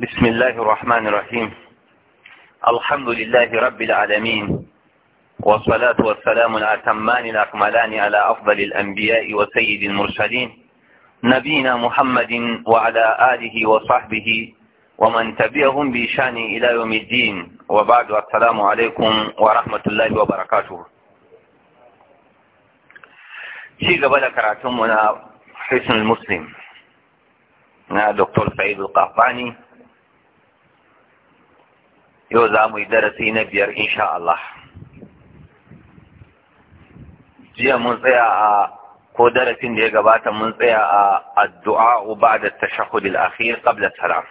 بسم الله الرحمن الرحيم الحمد لله رب العالمين والصلاة والسلام الأتمان الأكملان على أفضل الأنبياء وسيد المرسلين نبينا محمد وعلى آله وصحبه ومن تبعهم بشان إلى يوم الدين وبعد السلام عليكم ورحمة الله وبركاته شيء قبل كراتمنا حسن المسلم دكتور سعيد القحطاني yau za mu yi darasi na biyar insha Allah jiya mun tsaya a ko darasin da ya gabata mun tsaya a addu'a ba da tashahud al-akhir qabla tara.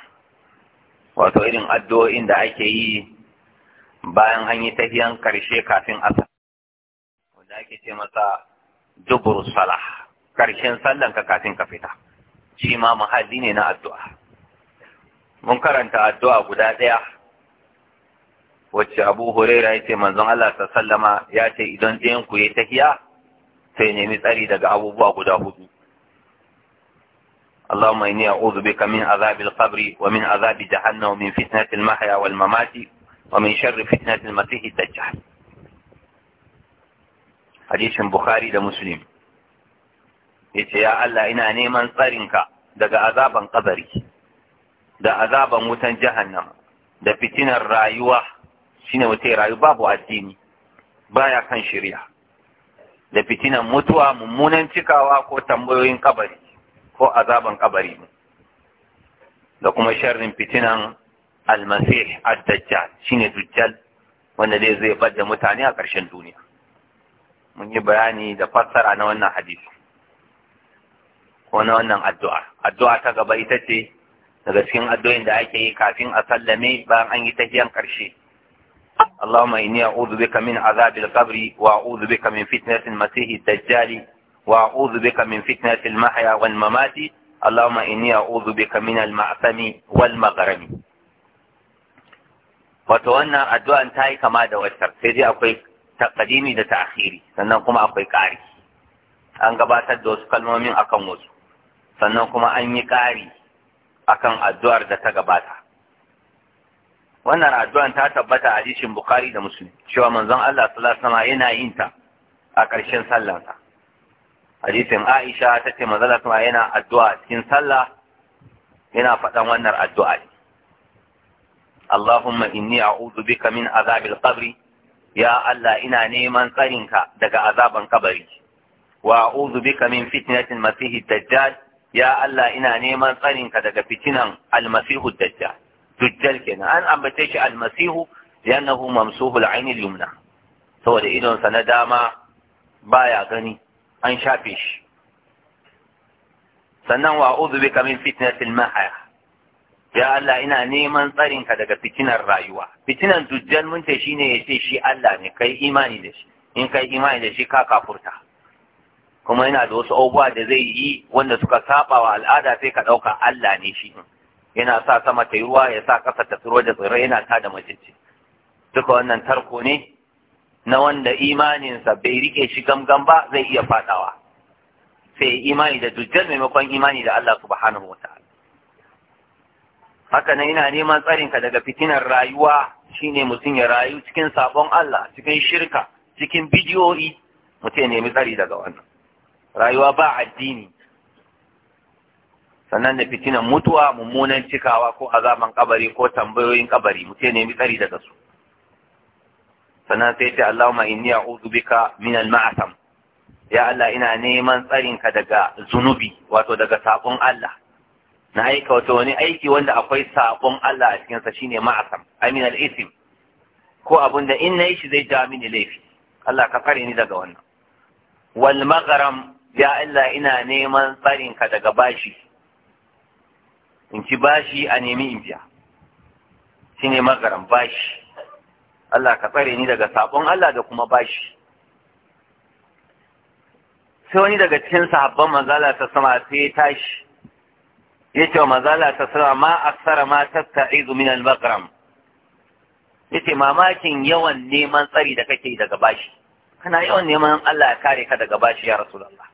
wato irin addu'o'in da ake yi bayan an yi karshe kafin asa wanda ake ce masa dubur salah karshen sallan ka kafin ka fita shi ma muhalli ne na addu'a mun karanta addu'a guda ɗaya wacce abu huraira ya ce manzon Allah ta sallama ya ce idan ɗayan ku ya tahiya sai nemi tsari daga abubuwa guda hudu اللهم إني أعوذ بك من عذاب القبر ومن عذاب جهنم ومن فتنة المحيا والممات ومن شر فتنة المسيح الدجال حديث بخاري ده مسلم yace ya Allah ina neman tsarinka daga azaban kabari da azaban wutan jahannama da fitinar rayuwa shine mutum ya rayu babu addini baya kan shirya da fitinan mutuwa mummunan cikawa ko tambayoyin kabari ko azaban kabari ne da kuma sharrin fitinan almasih ad-dajjal shine dujjal wanda dai zai bada mutane a ƙarshen duniya mun yi bayani da fassara na wannan hadisi ko na wannan addu'a addu'a ta gaba ita ce daga cikin addu'o'in da ake yi kafin a sallame bayan an yi tahiyan ƙarshe اللهم إني أعوذ بك من عذاب القبر وأعوذ بك من فتنة المسيح الدجال وأعوذ بك من فتنة المحيا والممات اللهم إني أعوذ بك من المعثم والمغرم wato wannan addu'an ta yi kama da wacce sai dai akwai takadimi da ta'khiri sannan kuma akwai ƙari an gabatar da wasu kalmomin akan wasu sannan kuma an yi ƙari akan addu'ar da ta gabata wannan addu'an ta tabbata a hadisin bukhari da muslim cewa manzon Allah sallallahu alaihi wasallam yana yin ta a ƙarshen sallarsa hadisin Aisha ta ce manzon Allah yana addu'a cikin sallah yana faɗan wannan addu'a Allahumma inni a'udhu bika min azabil qabri ya Allah ina neman tsarinka daga azaban kabari wa a'udhu bika min fitnatil masihid dajjal ya Allah ina neman tsarinka daga fitinan almasihud dajjal dujjal kenan an ambace shi almasihu li'annahu mamsuhul aini al-yumna saboda idon sa na dama baya gani an shafe shi sannan wa uzu bika min fitnatil mahya ya Allah ina neman tsarin ka daga fitinar rayuwa fitinan dujjal mun ce shine yace shi Allah ne kai imani da shi in kai imani da shi ka kafurta kuma yana da wasu abubuwa da zai yi wanda suka saba wa al'ada sai ka ɗauka Allah ne shi yana sa sama ta yi ruwa ya sa ƙasa ta tsiro da tsirrai yana ta da macece duka wannan tarko ne na wanda imaninsa bai rike shi gamgam ba zai iya faɗawa. sai imani da dujjal maimakon imani da Allah subhanahu wa ta'ala haka nan ina neman tsarinka daga fitinar rayuwa shine mutum ya rayu cikin sabon Allah cikin shirka cikin bidiyoyi mutum ya nemi tsari daga wannan rayuwa ba addini sannan da fitinan mutuwa mummunan cikawa ko azaban kabari ko tambayoyin kabari mutum nemi tsari daga su sannan sai ce Allahumma inni a'udhu bika min al-ma'asam ya Allah ina neman tsarin ka daga zunubi wato daga saƙon Allah na aika wato wani aiki wanda akwai saƙon Allah a cikin sa shine ma'asam amin al-ism ko abinda in nayi shi zai ja mini laifi Allah ka kare ni daga wannan wal ya Allah ina neman tsarin ka daga bashi in ci bashi a nemi in biya shi ne magaran bashi Allah ka tsare ni daga sabon Allah da kuma bashi sai wani daga cikin sahabban manzala ta sama sai ya tashi ya ce wa manzala ta sama ma aksara ma tatta'izu min al-magaram ya ce mamakin yawan neman tsari da kake daga bashi kana yawan neman Allah ya kare ka daga bashi ya rasulullah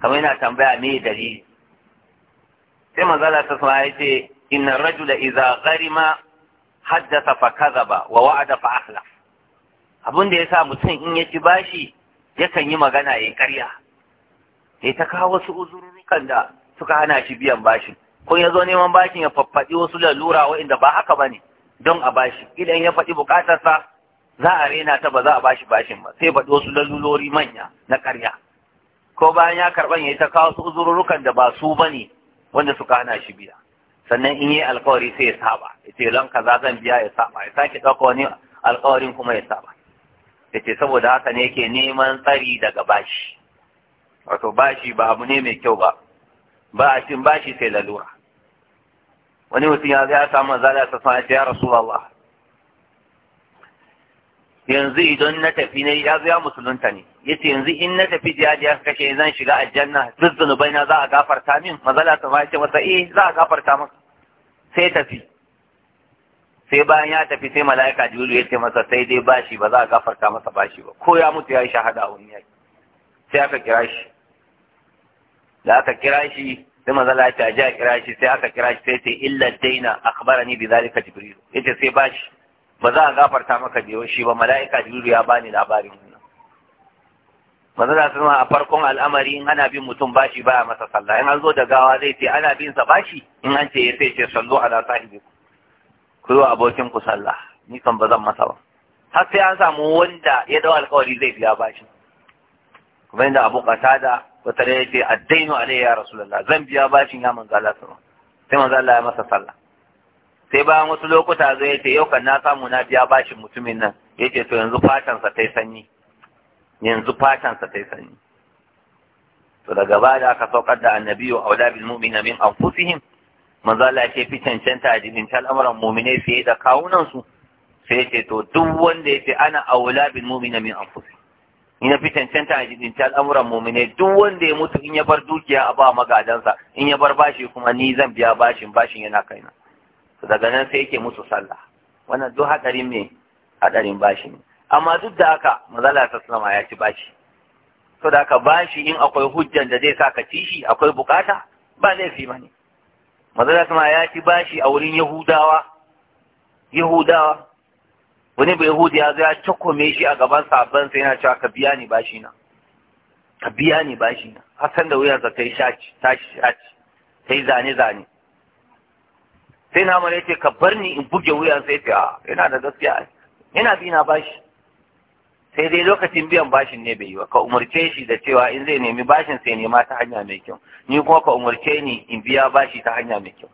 kamar yana tambaya me dalili sai manzala ta sa ya ce inna rajula idza gharima haddasa fa kadhaba wa wa'ada fa ahla abin da yasa mutum in ya ci bashi yakan yi magana yayin ƙarya sai ta kawo wasu uzururukan da suka hana shi biyan bashin ko ya zo neman bashin ya faffaɗi wasu lalura waɗanda ba haka ba ne don a bashi idan ya faɗi buƙatarsa za a rena ta ba za a bashi bashin ba sai faɗi wasu lalurori manya na ƙarya ko bayan ya karɓan ya yi ta kawo su uzururukan da ba su ba ne wanda suka hana shi biya sannan in yi alkawari sai ya saba ya ce ran kaza zan biya ya saba ya sake ɗauka wani alkawarin kuma ya saba ya ce saboda haka ne yake neman tsari daga bashi wato bashi ba abu ne mai kyau ba ba a cin bashi sai lalura wani mutum ya zai ya samu zala ta sana ya rasu Allah yanzu idan na tafi na ya zuwa musulunta ne yace yanzu in na tafi jihadi aka kashe zan shiga aljanna duk zunubai na za a gafarta min mazala ta ma ce masa eh za a gafarta masa. sai tafi sai bayan ya tafi sai mala'ika jibril ya ce masa sai dai bashi ba za a gafarta masa bashi ba ko ya mutu ya yi shahada a wani yaki sai aka kira shi da aka kira shi sai mazala ta ji a kira shi sai aka kira shi sai ce illa daina akhbarani bi zalika jibril yace sai bashi ba za a gafarta maka da shi ba mala'ika jibril ya bani labarin wannan manzo da sun a farkon al'amari in ana bin mutum bashi baya masa sallah in an zo da gawa zai ce ana bin sa bashi in an ce ya sai ce sallu ala sahibi ku yi abokin ku sallah ni kan ba zan masa ba har sai an samu wanda ya dawo alƙawari zai biya bashi kuma inda abu qatada wata da ya ce addainu alayya ya rasulullah zan biya bashin ya manzo Allah sai manzo Allah ya masa sallah sai bayan wasu lokuta zai ce yau kan na samu na biya bashin mutumin nan yace to yanzu fatansa ta sanyi yanzu fatansa ta sanyi to daga baya aka saukar da annabiyu aula bil mu'mina min anfusihim manzo Allah ya fi cancanta a jibin al'amuran mu'mine sai da kawunan su sai ce to duk wanda yace ana aula bil mu'mina min anfusihim ina fi cancanta a tal amuran mu'mine duk wanda ya mutu in ya bar dukiya a ba magadansa in ya bar bashi kuma ni zan biya bashin bashin yana kaina daga nan sai yake musu sallah wannan duk hadarin ne, hadarin bashi ne amma duk da haka mazala ta sallama ya ci bashi to da ka bashi in akwai hujjan da zai sa ka ci shi akwai bukata ba laifi mani mazala ta ya ci bashi a wurin yahudawa yahudawa wani bai yahudi ya zo ya cakkome shi a gaban sabon sai yana cewa ka biya ni bashi na ka biya ni bashi na hasan da wuyarsa ta yi shaci ta yi shaci ta yi zane zane sai na mara yace ka bar ni in buge wuya sai ta yana da gaskiya yana bi na bashi sai dai lokacin biyan bashin ne bai yi ba ka umarce shi da cewa in zai nemi bashin sai nema ta hanya mai kyau ni kuma ka umarce ni in biya bashi ta hanya mai kyau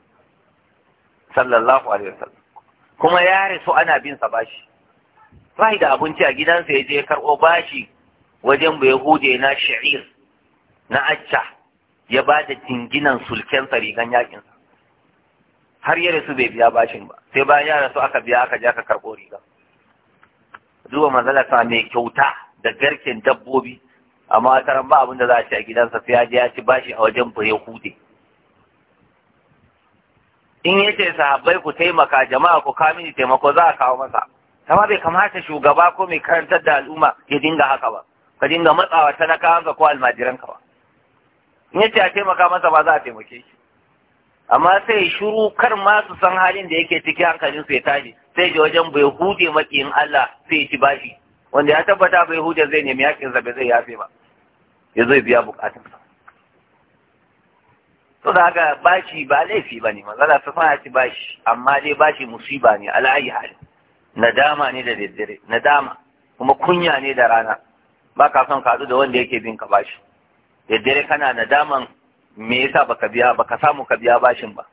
sallallahu alaihi wasallam kuma ya rasu ana bin sa bashi bai da abinci a gidansa ya je karɓo bashi wajen bai hude na sha'ir na acca ya ba da jinginan sulken sa rigan yakinsa har ya rasu bai biya bashin ba sai bayan ya su aka biya aka je aka karɓo riga zuwa manzala sa mai kyauta da garken dabbobi amma a taron ba abin za a ci a gidansa sai ya je ya ci bashi a wajen fure hude in ya ce sahabbai ku taimaka jama'a ku kawo mini taimako za a kawo masa kama bai kamata shugaba ko mai karantar da al'umma ya dinga haka ba ka dinga matsawa ta na talakawanka ko almajiranka ba in ya ce a taimaka masa ba za a taimake shi amma sai shiru kar ma su san halin da yake ciki hankalin su ya tashi sai je wajen bai hude makiyin Allah sai ya ci bashi wanda ya tabbata bai hude zai nemi yakin sa bai zai yafe ba ya zai biya bukatun sa to da haka bashi ba laifi bane manzala su fara ci bashi amma dai bashi musiba ne ala'ayi hali nadama ne da daddare nadama kuma kunya ne da rana ba ka son ka da wanda yake bin ka bashi daddare kana nadaman me yasa baka biya baka samu ka biya bashin ba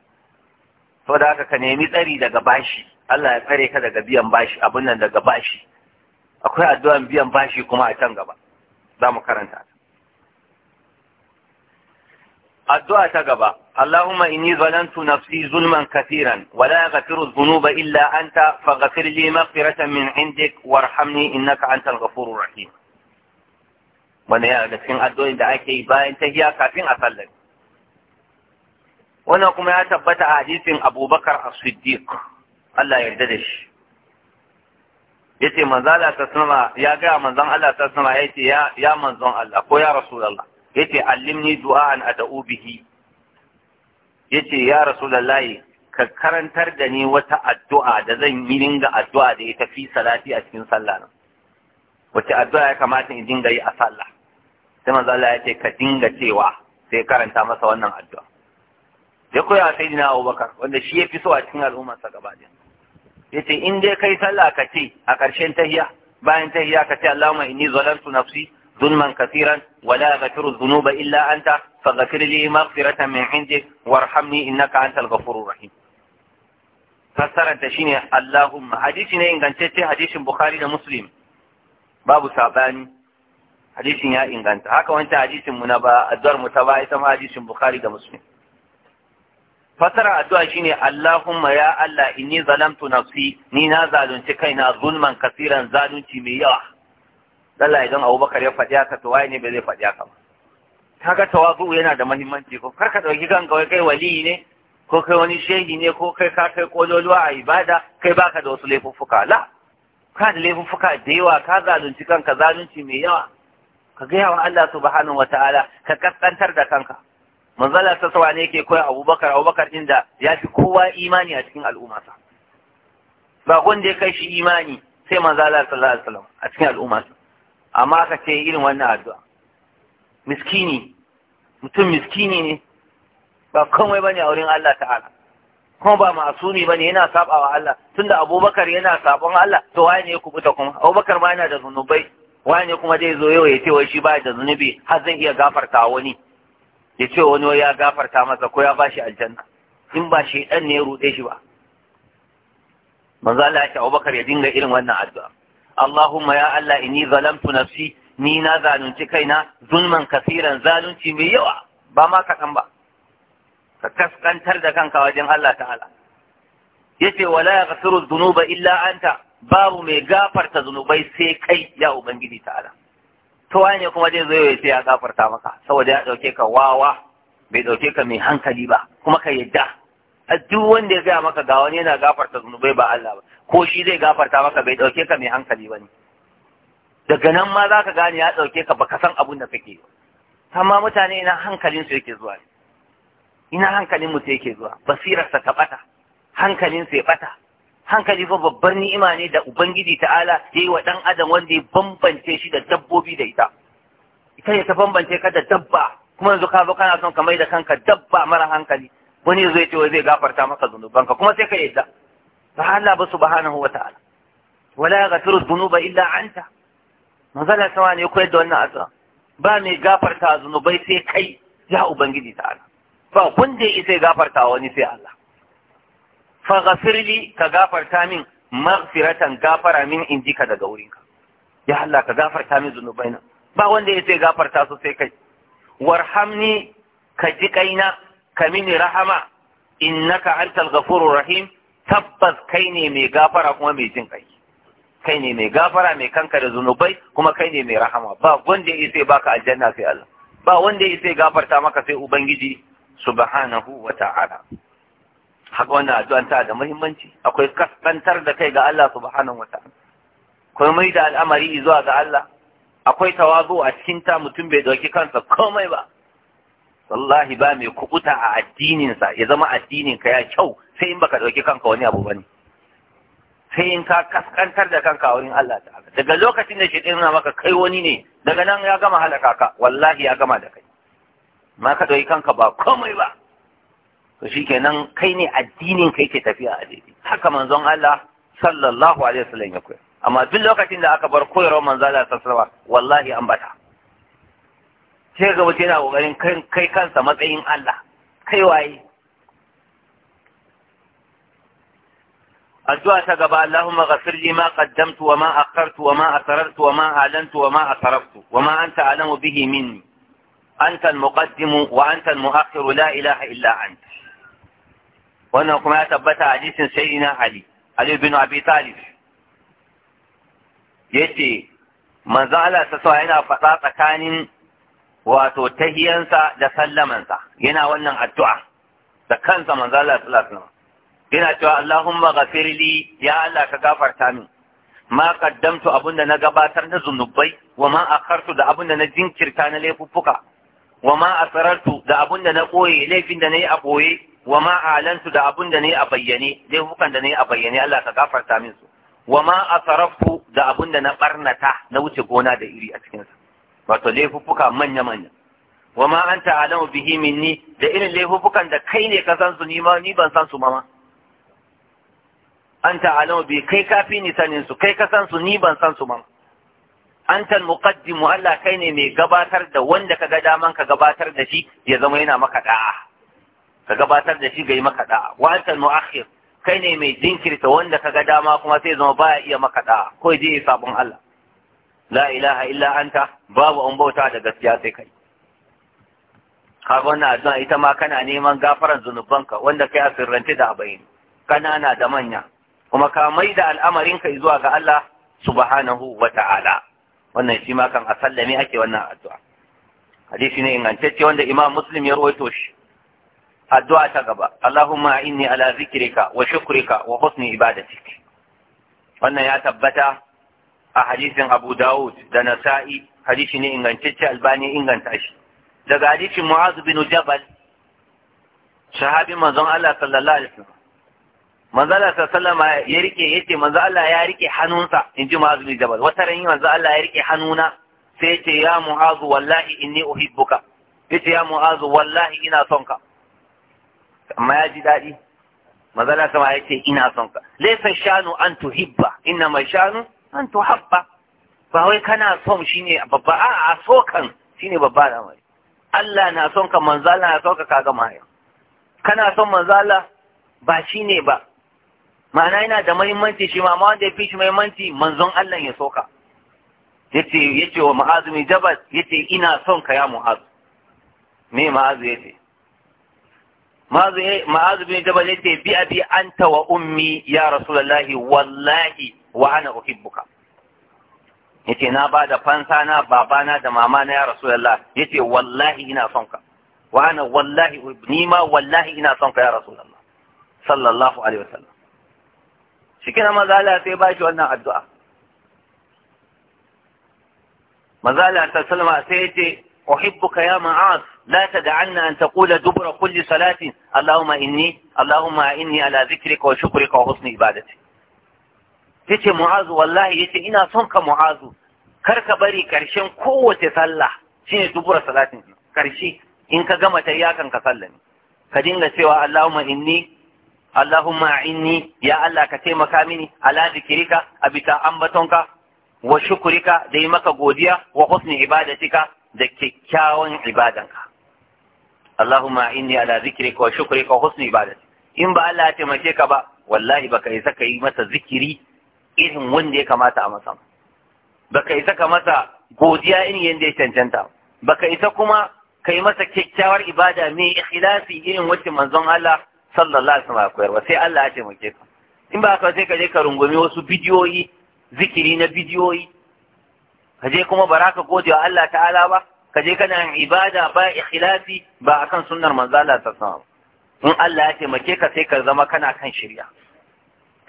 da haka ka nemi tsari daga bashi Allah ya tsare ka daga biyan bashi abin nan daga bashi akwai addu'an biyan bashi kuma a can gaba za mu karanta addu'a ta gaba اللهم إني ظلمت نفسي ظلما كثيرا ولا يغفر الذنوب illa anta فاغفر لي مغفرة من عندك وارحمني إنك أنت الغفور الرحيم wani yana da cikin addu'o'in da ake yi bayan ta kafin a sallar wannan kuma ya tabbata a hadisin abubakar a siddiq Allah ya yarda da shi ce manzan Allah ta sama ya gaya manzan Allah ta sama Ya ce ya manzan Allah ko ya Ya ce allimni du'an ad'u bihi Ya ce ya rasulullahi ka karantar da ni wata addu'a da zan yi dinga addu'a da ita fi salati a cikin sallah na wace addu'a ya kamata in dinga yi a sallah sai manzan Allah ce ka dinga cewa sai karanta masa wannan addu'a ya koya sai abu bakar wanda shi ya fi so a cikin al'ummarsa gaba ɗin ya ce in dai kai sallah ka ce a ƙarshen tahiya bayan tahiya ka ce allama inni zalantu nafsi zulman kasiran wala ya gafiru zunuba illa anta fa gafir li maghfiratan min inde warhamni innaka antal ghafurur rahim fassara ta shine allahumma hadisi ne ingantacce hadisin bukhari da muslim babu sabani hadisin ya inganta haka wancan hadisin mu na ba mu ta ba ita ma hadisin bukhari da muslim fasara addu'a shine Allahumma ya Allah inni zalamtu nafsi ni na zalunci kaina zulman kasiran zalunci mai yawa Allah idan Abubakar ya faɗi haka to waye bai zai faɗi haka ba kaga tawazu yana da muhimmanci ko karka dauki kanka wai kai wali ne ko kai wani shehi ne ko kai ka kai kololuwa a ibada kai baka da wasu laifuffuka la da laifuffuka da yawa ka zalunci kanka zalunci mai yawa ka gaya wa Allah subhanahu wataala ka kaskantar da kanka manzala ta sawa ne yake koya abubakar abubakar inda ya fi kowa imani a cikin al'ummarsa ba wanda ya kai shi imani sai manzala sallallahu alaihi wasallam a cikin al'ummarsa amma aka ce irin wannan addu'a miskini mutum miskini ne ba komai bane a wurin Allah ta'ala kuma ba masumi bane yana sabawa Allah tunda abubakar yana sabon Allah to waye ne ya kubuta kuma abubakar ma yana da zunubai waye ne kuma zai zo yau ya ce wai shi ba da zunubi har zai iya gafarta wani ya ce wani ya gafarta masa ko ya bashi aljanna in ba shi dan ne ya rude shi ba manzo Allah ya ce Abubakar ya dinga irin wannan addu'a Allahumma ya Allah inni zalamtu nafsi ni na zalunci kaina zulman kasiran zalunci mai yawa ba ma kaɗan ba ka kaskantar da kanka wajen Allah ta'ala yace wala yaghfiru dhunuba illa anta babu mai gafarta zunubai sai kai ya ubangiji ta'ala to ne kuma zai zo ya ce ya gafarta maka saboda ya dauke ka wawa bai dauke ka mai hankali ba kuma ka yadda a duk wanda ya gaya maka ga wani yana gafarta zunubai ba Allah ba ko shi zai gafarta maka bai dauke ka mai hankali ba ne daga nan ma za ka gane ya dauke ka baka san abun da kake ba amma mutane ina hankalin su yake zuwa ina hankalin mu yake zuwa Basirar sa ta bata hankalin sa ya bata hankali fa babbar ni'ima ne da ubangiji ta'ala yayi wa dan adam wanda ya bambance shi da dabbobi da ita ita ya ta bambance ka da dabba kuma yanzu ka zo kana son ka mai da kanka dabba mara hankali wani zai ce zai gafarta maka zunubanka kuma sai ka yadda fa Allah ba subhanahu wa ta'ala wala yaghfiru dhunuba illa anta Mazala sawa ne koyar da wannan azza ba mai gafarta zunubai sai kai ya ubangiji ta'ala ba kun da isa gafarta wani sai Allah li ka gafarta min maghfiratan gafara min indika daga wurinka ya Allah ka gafarta min zunubaina ba wanda ya gafarta su sai kai warhamni ka ji kaina ka mini rahama innaka antal ghafurur rahim tabbas kai ne mai gafara kuma mai jin kai kai ne mai gafara mai kanka da zunubai kuma kai ne mai rahama ba wanda ya baka aljanna sai Allah ba wanda ya gafarta maka sai ubangiji subhanahu wa ta'ala haka wannan addu'an ta da muhimmanci akwai kaskantar da kai ga Allah subhanahu wataala akwai mai da al'amari zuwa ga Allah akwai tawazu a cikin ta mutum bai dauki kansa komai ba wallahi ba mai kubuta a addinin ya zama addinin ka ya kyau sai in baka dauki kanka wani abu bane sai in ka kaskantar da kanka a wurin Allah ta'ala daga lokacin da shaitan na maka kai wani ne daga nan ya gama halaka ka wallahi ya gama da kai ma ka dauki kanka ba komai ba to shikenan kai ne addinin kai ke tafiya a daidai haka manzon Allah sallallahu alaihi wasallam ya koyar amma duk lokacin da aka bar koyarwar manzon Allah sallallahu alaihi wallahi an bata sai ga mutum yana kokarin kai kansa matsayin Allah kai waye addu'a ta gaba Allahumma ghafir li ma qaddamtu wa ma akhartu wa ma asrartu wa ma alantu wa ma asraftu wa ma anta alamu bihi minni anta al-muqaddimu wa anta al-mu'akhiru la ilaha illa anta wannan kuma ya tabbata a hadisin sayyidina ali ali bin abi talib yace manzo Allah sa yana faɗa tsakanin wato tahiyansa da sallamansa yana wannan addu'a da kansa manzo Allah ta alaihi yana cewa Allahumma ghafirli ya Allah ka gafarta min ma qaddamtu abunda na gabatar na zunubai wa ma da abunda na jinkirta na laifuffuka wa ma da abunda na koye laifin da na yi a koye wa ma alantu da abun da ne a bayyane laifukan hukan da ne a bayyane Allah ka gafarta min su wa ma asarafu da abun da na barnata na wuce gona da iri a cikin sa wato laifuffuka manya manya wa ma anta alamu bihi minni da irin laifuffukan da kai ne ka san su ni ma ni ban san su ma anta alamu bi kai kafi ni sanin su kai ka san su ni ban san su ma anta muqaddimu Allah kai ne mai gabatar da wanda ka ga daman ka gabatar da shi ya zama yana maka da'a ka gabatar da shi ga yi maka da'a wa anta mu'akhir kai ne mai jinkirta wanda kaga dama kuma sai zama baya iya maka da ko je yi sabon Allah la ilaha illa anta babu an bauta da gaskiya sai kai kaga wannan addu'a ita ma kana neman gafaran zunubanka wanda kai a sirrance da abayin kanana da manya kuma ka mai al'amarin al'amarinka zuwa ga Allah subhanahu wannan shi ma kan a sallame ake wannan addu'a hadisi ne ingantacce wanda imam muslim ya rawaito shi addu'a ta gaba Allahumma inni ala zikrika wa shukrika wa husni ibadatik wannan ya tabbata a hadisin Abu Dawud da Nasa'i hadisi ne ingantacce albani inganta shi daga hadisin Mu'az bin Jabal sahabi manzon Allah sallallahu alaihi wasallam manzon Allah sallallahu ya rike yake, manzon Allah ya rike hannunsa inji Mu'az bin Jabal wata ran manzon Allah ya rike hannuna sai yace ya Mu'az wallahi inni uhibbuka yace ya Mu'az wallahi ina son ka amma ya ji daɗi mazala sama ya ce ina son ka laifin shanu an tuhibba ina mai shanu an tuhabba ba wai kana son shi ne babba a a so kan shi ne babba da mai Allah na son ka manzala na son ka kaga Ka kana son manzala ba shi ne ba ma'ana yana da mahimmanci shi ma wanda ya fi shi mahimmanci manzon Allah ya soka yace yace wa mu'azu mai jabal yace ina son ka ya mu'azu me mu'azu yace ma'azu bin jabal yace bi abi anta wa ummi ya rasulullahi wallahi wa ana uhibbuka yace na ba da fansa na babana da mama na ya rasulullah yace wallahi ina son ka wa ana wallahi ni ma wallahi ina son ka ya rasulullah sallallahu alaihi wasallam shikina maza Allah sai ba shi wannan addu'a maza Allah ta sallama sai yace uhibbuka ya ma'az لا تدعنا أن تقول دبر كل صلاة اللهم إني اللهم إني على ذكرك وشكرك وحسن عبادتك تيجي معاذ والله يتي إنا صنك معاذ كرك بري كرشن قوة صلاة شين دبر صلاة كرشي إنك قمت إياك كسلني كدين سوى اللهم إني اللهم إني يا الله كتيم كامني على ذكرك أبتا أنبتنك وشكرك ديمك قوديا وحسن عبادتك da kyakkyawan ibadanka Allahumma inni ala zikrika wa shukrika wa husni ibadati in ba Allah ya taimake ka ba wallahi baka isa ka yi masa zikiri irin wanda ya kamata a masa baka isa ka masa godiya in yanda ya cancanta baka isa kuma kai masa kyakkyawar ibada mai ikhlasi irin wacce manzon Allah sallallahu alaihi wasallam koyarwa sai Allah ya taimake ka in ba ka sai ka je ka rungumi wasu bidiyoyi zikiri na bidiyoyi ka je kuma baraka gode wa Allah ta'ala ba ka je kana yin ibada ba ikhlasi ba akan sunnar manzo Allah ta sama in Allah ya taimake ka sai ka zama kana kan shirya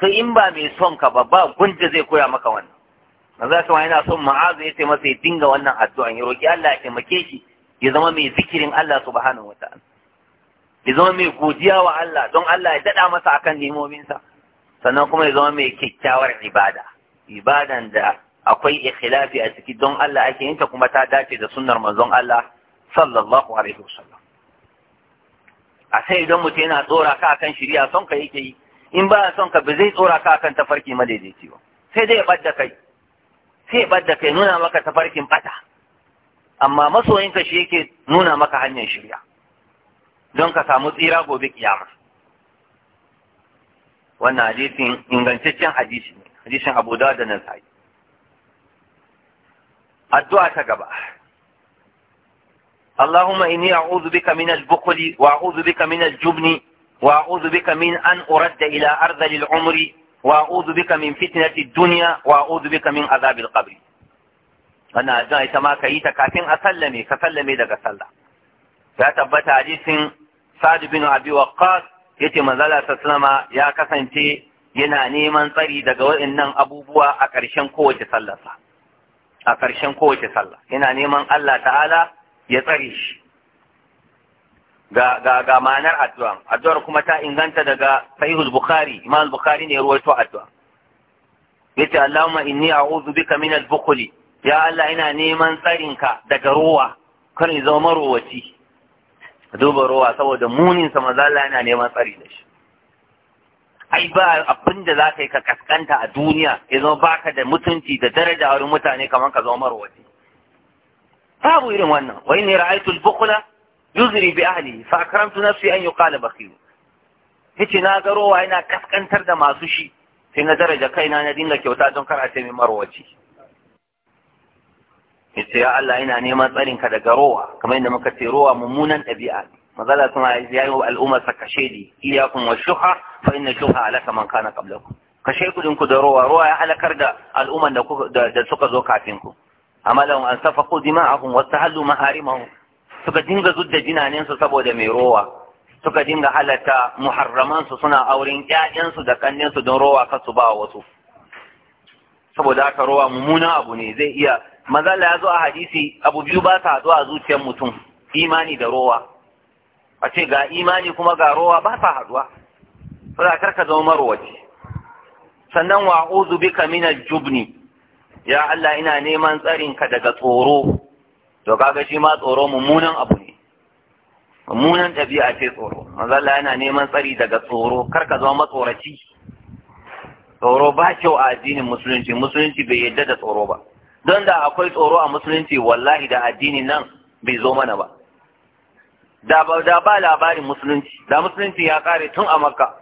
to in ba mai son ka ba ba gunda zai koya maka wannan manzo Allah yana son ma'azu ya ce ya dinga wannan addu'an ya roki Allah ya taimake shi ya zama mai zikirin Allah subhanahu wataala ya zama mai godiya wa Allah don Allah ya dada masa akan nemominsa sannan kuma ya zama mai kyakkyawar ibada ibadan da akwai ikhilafi a ciki don Allah ake yinta kuma ta dace da sunnar manzon Allah sallallahu alaihi wasallam a sai idan mutum yana tsora ka akan shari'a son ka yake yi in ba son ka ba zai tsora ka akan tafarki madaidaici ba sai dai ya badda kai sai ya badda kai nuna maka tafarkin bata amma masoyinka shi yake nuna maka hanyar shari'a don ka samu tsira gobe kiyama wannan hadisin ingantaccen hadisi ne hadisin Abu Dawud da Nasa'i addu'a ta gaba Allahumma inni a'udhu bika min al-bukhl wa a'udhu al-jubn wa a'udhu bika min an ila ardh al-umr wa a'udhu bika min fitnati ad-dunya wa a'udhu bika min adhab al ta kafin a sallame ka sallame daga sallah ya tabbata hadisin Sa'd bin Abi Waqqas yace manzo ya kasance yana neman tsari daga waɗannan abubuwa a ƙarshen kowace sallar a ƙarshen kowace sallah ina neman Allah ta'ala ya tsare shi ga ma'anar addu'a addu'ar kuma ta inganta daga sahihul bukhari imam bukhari ne ruwaito addu'a yace Allahumma inni a'udhu bika min al-bukhl ya Allah ina neman tsarinka daga ruwa kan in zama ruwaci duba ruwa saboda muninsa, sa yana neman tsari da shi ai ba abin da za ka yi ka kaskanta a duniya ya zama baka da mutunci da daraja wurin mutane kamar ka zama marwaci babu irin wannan wai ne ra'aytu bukula bukhla yuzri bi ahlihi fa akramtu nafsi an yuqala bakhil yace na ga rowa yana kaskantar da masu shi sai na daraja kaina na dinga kyauta don kar a ce min marwaci yace ya Allah yana neman tsarin ka daga rowa kamar yadda muka ce rowa mummunan ɗabi'a ne magana suna ya yi wa al'ummarsa kashe iya iyakun wa shuha fa inna shuha alaka man kana qablakum kashe kudin ku da ruwa ruwa ya halakar da al'umman da suka zo kafin ku amma lahum an safaqu dima'ahum wa tahallu maharimahum suka dinga zudda jinanen su saboda mai ruwa. suka dinga halatta muharraman su suna auren ƴaƴan su da kannen su don ruwa kasu ba wasu saboda haka ruwa mummuna abu ne zai iya manzala ya zo a hadisi abu biyu ba sa zuwa zuciyar mutum imani da ruwa. a ce ga imani kuma ga rowa ba ta haduwa saboda karka zama marwaci sannan wa uzu bika min al-jubni ya Allah ina neman tsarinka daga tsoro to kaga shi ma tsoro mummunan abu ne mummunan ɗabi'a ce tsoro manzo Allah yana neman tsari daga tsoro kar ka zama matsoraci tsoro ba kyau a addinin musulunci musulunci bai yadda da tsoro ba don da akwai tsoro a musulunci wallahi da addinin nan bai zo mana ba da ba da ba labarin musulunci da musulunci ya kare tun a makka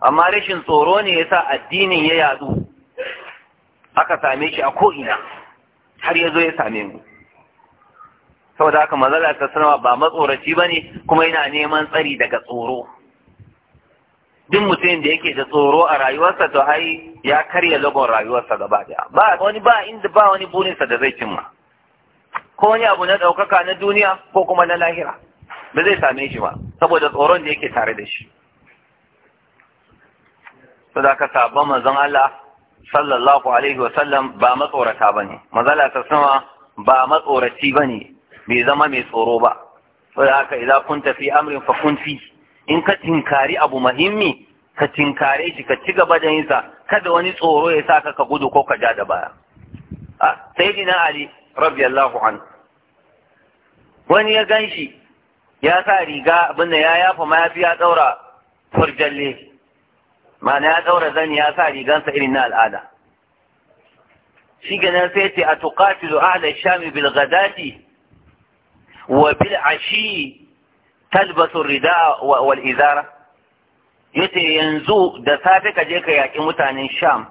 amma rashin tsoro ne yasa addinin ya yadu aka same shi a ko'ina har ya zo ya same mu saboda haka mazala ta sanarwa ba matsoraci ba ne kuma yana neman tsari daga tsoro duk mutum da yake da tsoro a rayuwarsa to ai ya karya lagon rayuwarsa gaba daya ba wani ba inda ba wani burinsa da zai cimma ko wani abu na ɗaukaka na duniya ko kuma na lahira ba zai same shi ba saboda tsoron da yake tare da shi su da ka sabon manzon Allah sallallahu alaihi wasallam ba matsorata ba ne mazala ta sama ba matsoraci ba bai zama mai tsoro ba su da ka idan kun tafi amrin fa kun fi in ka tinkari abu muhimmi ka tinkare shi ka ci gaba da yinsa kada wani tsoro ya saka ka gudu ko ka ja da baya ah, sai ali radiyallahu anhu wani ya gan shi ya sa riga abin da ya yafa mayafi ya daura furjalle ma'ana ya daura zani ya sa rigansa irin na al'ada shi ganin sai ce a tuqatilu ahla shami bil ghadati wa bil ashi talbasu rida wal izara yace yanzu da safe ka je ka yaƙi mutanen sham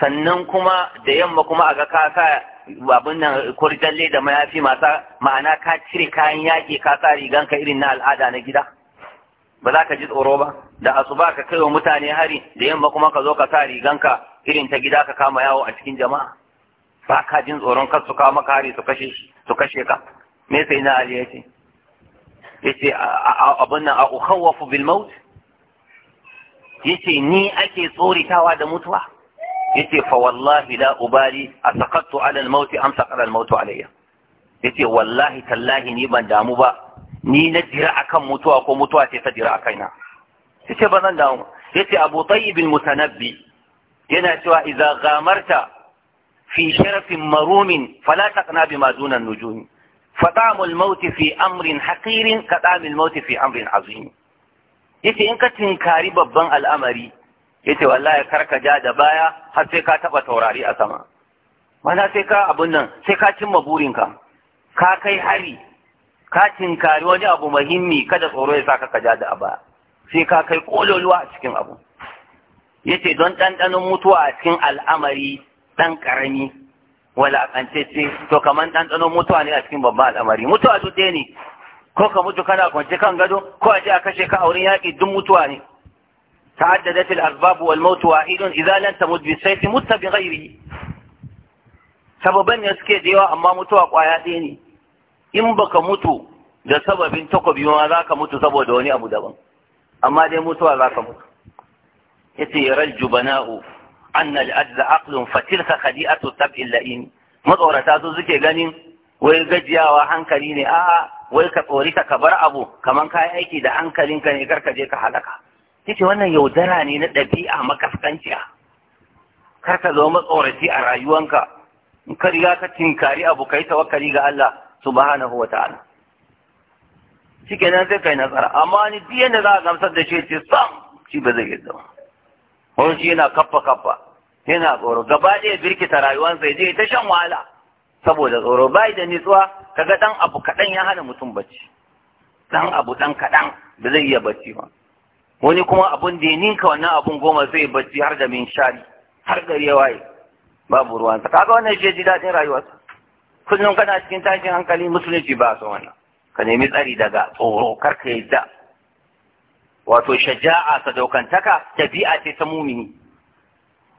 sannan kuma da yamma kuma a ka sa abin nan kurjalle da mayafi masa ma'ana ka cire kayan yaƙi ka sa ka irin na al'ada na gida ba za ka ji tsoro ba da asuba ka kaiwa mutane hari da yamma kuma ka zo ka sa ka irin ta gida ka kama yawo a cikin jama'a ba ka jin tsoron kan su kawo maka su kashe ka me sai na ali yace yace abin nan a ukhawafu bil maut yace ni ake tsoritawa da mutuwa yace fa wallahi la ubali asaqattu ala al-maut am saqala al-maut alayya yace wallahi tallahi ni ban damu ba ni na jira akan mutuwa ko mutuwa ce ta jira a kaina. yace ba zan damu yace abu tayyib al-mutanabbi yana cewa idza ghamarta fi sharafin marumin fala taqna bima duna an-nujum فطعم الموت في أمر حقير كطعم الموت في أمر عظيم yace in ka tinkari babban al'amari yace wallahi karka ja da baya har sai ka taba taurari a sama mana sai ka abun nan sai ka cimma burinka ka kai hari ka tinkari wani abu muhimmi kada tsoro ya saka ka ja da baya sai ka kai kololuwa a cikin abu yace don ɗanɗanon mutuwa a cikin al'amari ɗan ƙarami wala ce to kaman ɗanɗanon mutuwa ne a cikin babban al'amari mutuwa duk ɗaya ne ko ka mutu kana kwance kan gado ko a je a kashe ka a wurin yaƙi duk mutuwa ne تعددت الأسباب والموت واحد إذا لن تمت بالسيف مت بغيره sababan ne suke da yawa amma mutuwa kwaya ɗaya ne in baka mutu da sababin takobi ma za ka mutu saboda wani abu daban amma dai mutuwa za ka mutu yace rajju bana'u anna al-ajza aqlun fa tilka khadi'atu tab'il matsorata su suke ganin wai gajiyawa hankali ne a'a wai ka tsori ka bar abu kamar kai aiki da hankalinka ne ka je ka halaka yake wannan yaudara ne na ɗabi'a makaskanciya kar ka zama matsoraci a rayuwanka in ka riga ka tinkari abu kai tawakkali ga Allah subhanahu wa ta'ala shike nan sai kai nasara amma ni duk yanda za a gamsar da shi ce sam shi ba zai yadda ba shi yana kaffa kaffa yana tsoro gaba ɗaya birkita rayuwansa ya je ta shan wahala saboda tsoro bai da nitsuwa kaga dan abu kaɗan ya hana mutum bacci dan abu dan kaɗan ba zai iya bacci ba wani kuma abun da ya ninka wannan abun goma zai bacci har da min shari har gari ya waye babu ruwansa kaga wannan shi ji daɗin rayuwarsa kullum kana cikin tashin hankali musulunci ba su wannan ka nemi tsari daga tsoro kar ka yadda wato shaja'a sadaukantaka tabi'a ce ta mumini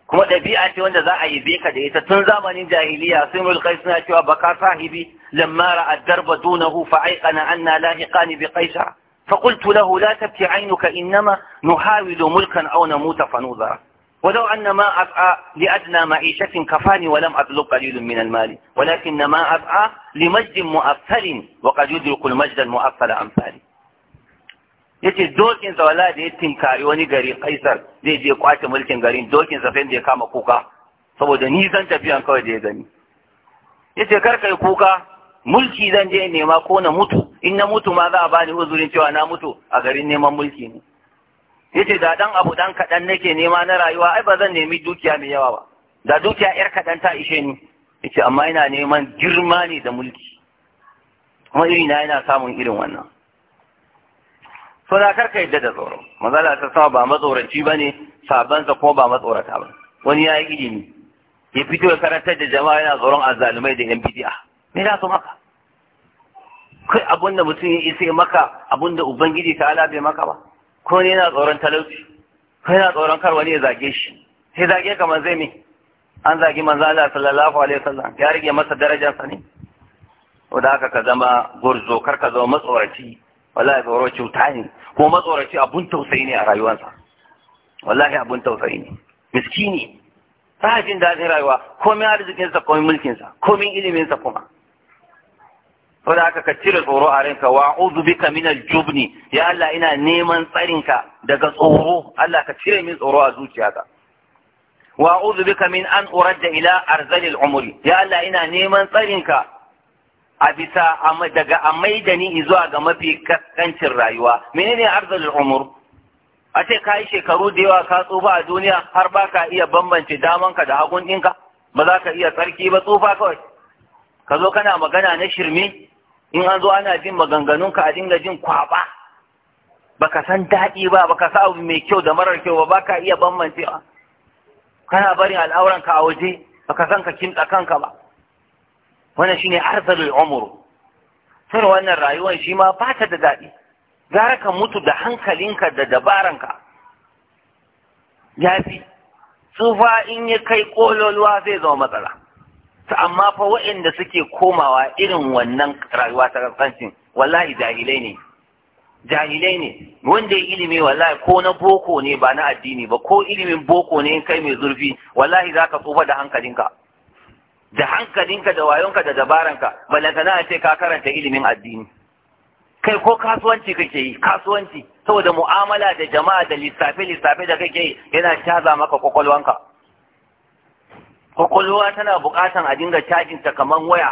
kuma ɗabi'a ce wanda za a yi beka da ita tun zamanin jahiliya sun mulkai suna cewa baka sahibi lamma ra'a darba dunahu fa na anna ni bi qaisar فقلت له لا تبكي عينك إنما نحاول ملكا أو نموت فنوذر ولو أن ما أبعى لأدنى معيشة كفاني ولم أبلغ قليل من المال ولكن ما أبعى لمجد مؤثل وقد يدرك المجد المؤثل أمثالي yace dokin sa wala da ya tinkari wani gari kaisar zai je kwace mulkin garin dokin sa sai da ya kama kuka saboda ni zan tafiyan kawai da ya gani yace kar kai kuka mulki zan je nema ko na mutu in na mutu ma za a bani uzurin cewa na mutu a garin neman mulki ne yace da dan abu dan kaɗan nake nema na rayuwa ai ba zan nemi dukiya mai yawa ba da dukiya yar kadan ta ishe ni yace amma ina neman girma ne da mulki kuma irin na yana samun irin wannan so da karka yadda da tsoro manzala ta sama ba matsoraci bane sa ko ba matsorata ba wani ya yi ilimi ya fito ya karantar da jama'a yana tsoron azzalumai da yan bid'a me za su maka kai abun da mutum ya isa maka abun da ubangiji ta ala bai maka ba ko ne yana tsoron talauci ko yana tsoron kar wani ya zage shi sai zage kamar zai ne, an zage manzo Allah sallallahu alaihi wasallam ya rige masa darajarsa ne? ne wanda haka ka zama gurzo kar ka zama matsoraci wallahi tsoro cuta ne ko matsoraci abun tausayi ne a rayuwarsa wallahi abun tausayi ne miskini ba jin daɗin rayuwa komai arzikinsa komai mulkinsa komai iliminsa kuma da haka ka cire tsoro a ranka wa uzu min aljubni ya Allah ina neman tsarinka daga tsoro Allah ka cire min tsoro a zuciyata wa uzu bika min an uradda ila arzalil umri ya Allah ina neman tsarinka a bisa daga amai da ni zuwa ga mafi kaskancin rayuwa menene arzalil umur a ce ka yi shekaru da yawa ka tsufa a duniya har ba ka iya bambance damanka da hagun ɗinka ba za ka iya tsarki ba tsufa kawai ka zo kana magana na shirme in an zo ana jin maganganunka a dinga jin kwaba baka san daɗi ba baka sa abu mai kyau da marar kyau ba baka iya bambancewa kana barin al'auranka a waje baka san ka kinta kanka ba wannan shine arzalul umru sai wannan rayuwar shi ma ba da daɗi gara ka mutu da hankalinka da dabaranka ya fi tsufa in ya kai kololuwa zai zama matsala ta amma fa wa'inda suke komawa irin wannan rayuwa ta kaskancin wallahi jahilai ne jahilai ne wanda ya ilimi wallahi ko na boko ne ba na addini ba ko ilimin boko ne in kai mai zurfi wallahi za ka tsufa da hankalinka da hankalinka da wayonka da dabaranka na ce ka karanta ilimin addini kai ko kasuwanci kake yi kasuwanci saboda mu'amala da jama'a da lissafe lissafe da kake yi yana caza maka kwakwalwanka kwakwalwa tana buƙatan a dinga cajin ta kamar waya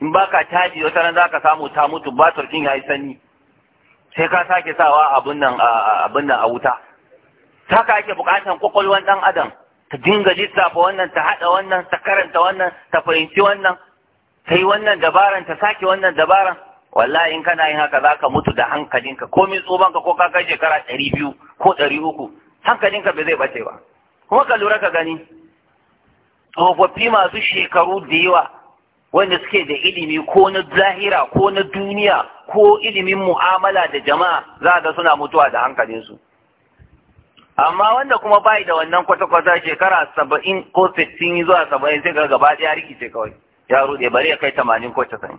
in baka caji wata za ka samu ta mutu batir ya yi sani sai ka sake sawa abin nan a wuta ka ake buƙatan kwakwalwan dan adam ta dinga lissafa wannan ta haɗa wannan ta karanta wannan ta fahimci wannan ta yi wannan dabaran ta sake wannan dabaran wallahi in kana yin haka za ka mutu da hankalinka tsoban ka, ko ka kai shekara ɗari biyu ko ɗari uku hankalinka bai zai ɓace ba kuma ka lura ka gani tsofaffi masu shekaru da yawa wanda suke da ilimi ko na zahira ko na duniya ko ilimin mu'amala da jama'a za ga suna mutuwa da hankalinsu amma wanda kuma bai da wannan kwata-kwata shekara saba'in ko sittin zuwa saba'in sai ga gaba ya rikice kawai ya rude bari ya kai tamanin ko casa'in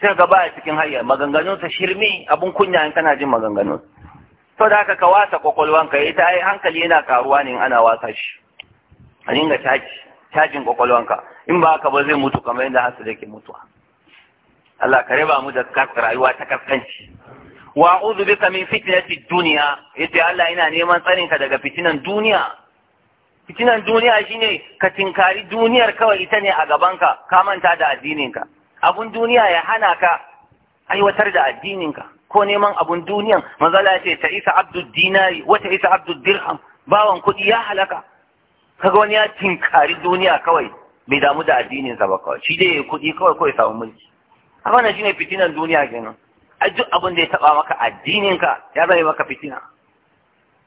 sai ga baya cikin hayya maganganunsa shirme abun kunya in kana jin maganganun. to da haka ka wasa kwakwalwanka ta ai hankali yana karuwa ne in ana wasa shi a dinga taki cajin kwakwalwanka in ba haka ba zai mutu kamar yadda hasu yake mutuwa Allah ka riba mu da rayuwa ta kaskanci wa uzu bika min fitnati dunya yace Allah ina neman tsarin ka daga fitinan duniya fitinan duniya shine ka tinkari duniyar kawai ita ne a gabanka ka manta da addininka abun duniya ya hana ka aiwatar da addininka ko neman abun duniyan manzala ce ta isa abdul dinari wata isa abdul dirham bawan kuɗi ya halaka kaga wani ya tinkari duniya kawai bai damu da addininsa ba kawai shi dai kuɗi kawai kawai samu mulki haka wannan shine fitinan duniya kenan a duk abin da ya taba maka addininka ya zama maka fitina